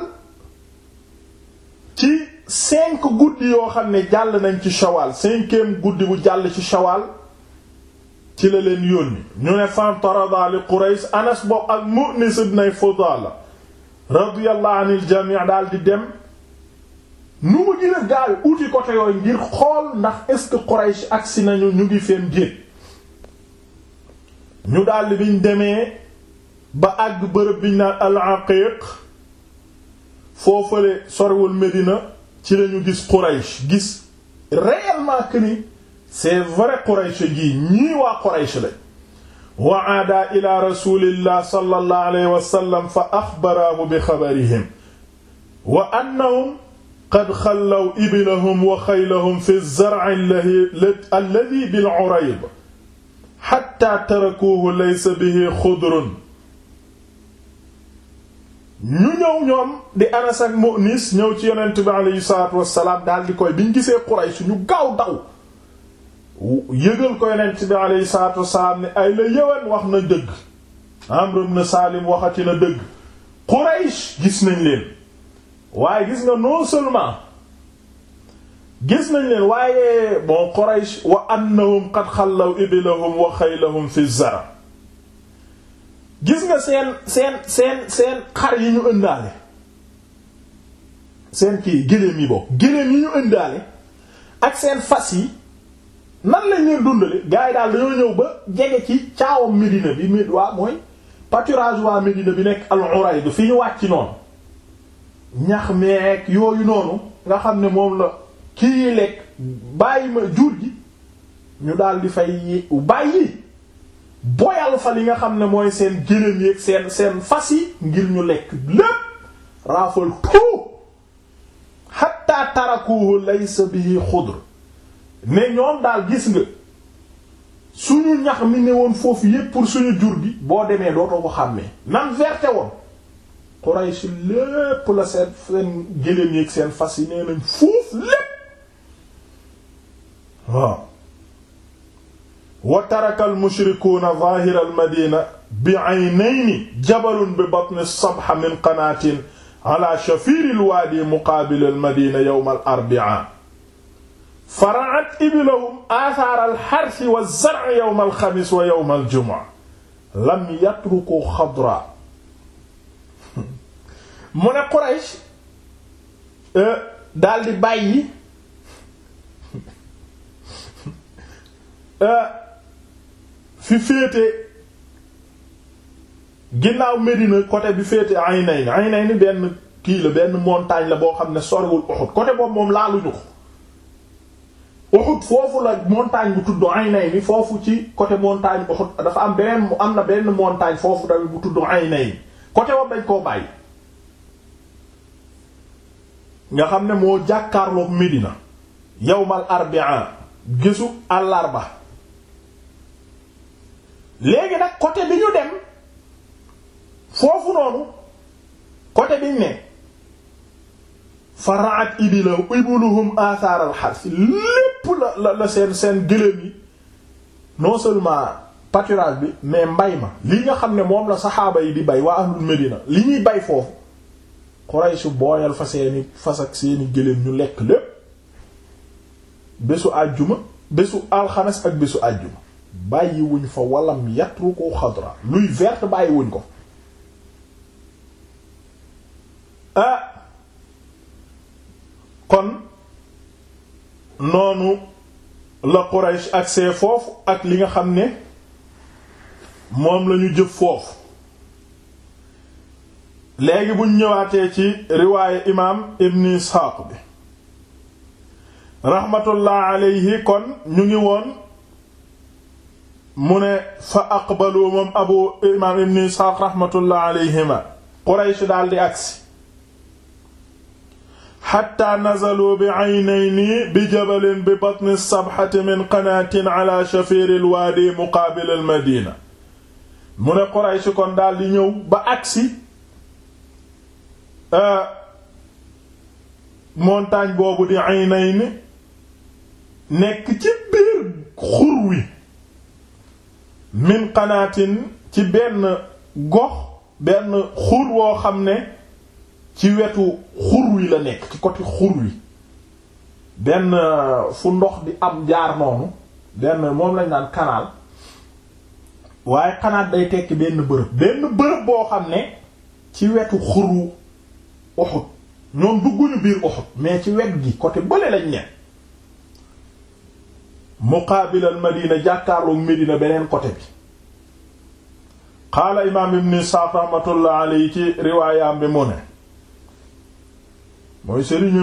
ci cinq guddi yoo xam ne jàll nañ ci shawaal cinquième guddi bu jàll ci shawaal ci la leen yónni ñu ne fantarada li Quraysh Anas bokk ak Mu'nis ibn Fudala radiyallahu anil jami' daal di dem nu mu gën a gaawe uti côté yooyu ngir xool ndax est-ce que Quraysh agsi nañu ñu ngi feen jéeg ñu daldi biñ demee ba àgg bërëb biñ naan al-Aqiq foofale sorwul Medina ci lañu gis Quraysh gis réellement que ni c'est vrai Quraysh gii ñii waa Quraysh lañ wa aada ila rasulillah sallallahu alayhi wa sallam fa axbarahu bi xabarihim wa annahum qad xallaw ibilahum wa xaylahum fi zar'i alladhi bil urayb xatta tarakuuhu laysa bihi xudrun ñu ñëw ñoom di Anas ak Mu'nis ñëw ci yonent bi aleyhi salaatu wassalaam daal di koy biñ gisee Quraysh ñu gaaw daw yëgal ko yonent bi alayhi salaatu wassalaam ne ay la yëwan wax na dëgg Amr ibn Salim waxati na dëgg Quraysh gis nañ leen waaye gis nga non gis nañ leen waaye bon Quraysh wa annahum qad xallaw ibilahum wa xaylahum fi gis nga seen seen seen seen xar yi ñu ëndaale seen kii géléem yi bokk géléem yi ñu ëndaale ak seen fas yi nan lañ leen dundale gars yi daal dañoo ñëw ba jege ci caawam Médina bi mé waa mooy pâturage waa Médina bi nekk al-Urayd fi ñu wàcc noonu ñax meek yooyu noonu nga xam ne moom la kii lekk bàyyi ma gi ñu daal fay bàyyi boyal fa li nga xam ne mooy seen génam yeeg seen seen fas yi ngir ñu lekk lépp raafal tout hatta tarakuhu laysa bihi xudr ne ñoom daal gis nga suñu ñax mi ne woon foofu yépp suñu jur gi boo demee dootoo ko xàmmee nam verte woon Quraysh lépp la seen seen gëléem seen fas yi nee nañ foofu lépp waaw wa taraka al mushrikuuna zaahira bi aynayni jabalun bi batni sabha min qanaatin ala shafiir al waadi muqaabil al madina faraat ibilahum aathaar alxarsi wa zar'i yawm alxamis wa yawm aljumu'a lam yatruku xadra *laughs* mu ne Quraysh e, daldi bàyyi *laughs* e, fi féete ginnaaw Médina côté bi féete Aynayn ni benn kii la benn montagne la boo xam ne sorewul Uhud côté boobu moom laaluñu ko Uhud foofu la montagne bu tudd Aynay bi foofu ci côté montagne Uhud dafa am beneen mu am na benn montagne foofu tamit bu tudd Aynay côté woon dañ koo bàyyi nga xam ne moo jàkkaarloog Medina yawmal arbi'a gisu àllarba léegi nag côté bi ñu dem foofu noonu côté bi ñu ne fa raat ibila ibuluhum athar al xars lépp la la seen seen gëléem yi non seulement pâturage bi mais mbay ma li nga xam ne moom la saxaaba yi di bay waa ahlul medina li ñuy bay foofu Quraysh booyal fa seeni fas ak seeni gëléem ñu lekk lépp bésu àjjuma bésu alxames ak bésu àjjuma bàyyiwuñ fa walam yatru ko xadra luy verte bàyyiwuñ ko ah kon noonu la Quraysh agsee foofu ak li nga xam ne moom lañu ñu jëf foofu léegi buñ ñëwaatee ci riwaaye imaam ibn Isxaaq bi raxmatullah alayhi kon ñu ngi woon mu ne fa aqbalu moom abu imaam ibn Isxaaq raxmatullah alayhima Quraysh daldi agsi xatta nazalu bi aynayni bi jabalin bi batni sabxati min qanaatin ala shafiri alwaadi muqaabil almadina mu ne Quraysh kon daal di ñëw ba agsi euh, montagne boobu di aynayni nekk ci biir xur wi min qanaatin ci benn gox benn xur woo xam ne ci wetu xur wi la nekk ci côté xur wi benn euh, fu ndox di am jaar noonu benn moom lañ daan canal waaye xanaat day tekki benn bërëb benn bërëb boo xam ne ci wetu xuru Uhud ñoom dugguñu biir Uhud mais ci wet gi côté bële lañ ne muqaabilan Madina jàkkaarloog Medina beneen côté bi qaala imaam ibn Sa'd rahmatullah ci riwaayam bi mu ne mooy sëriñu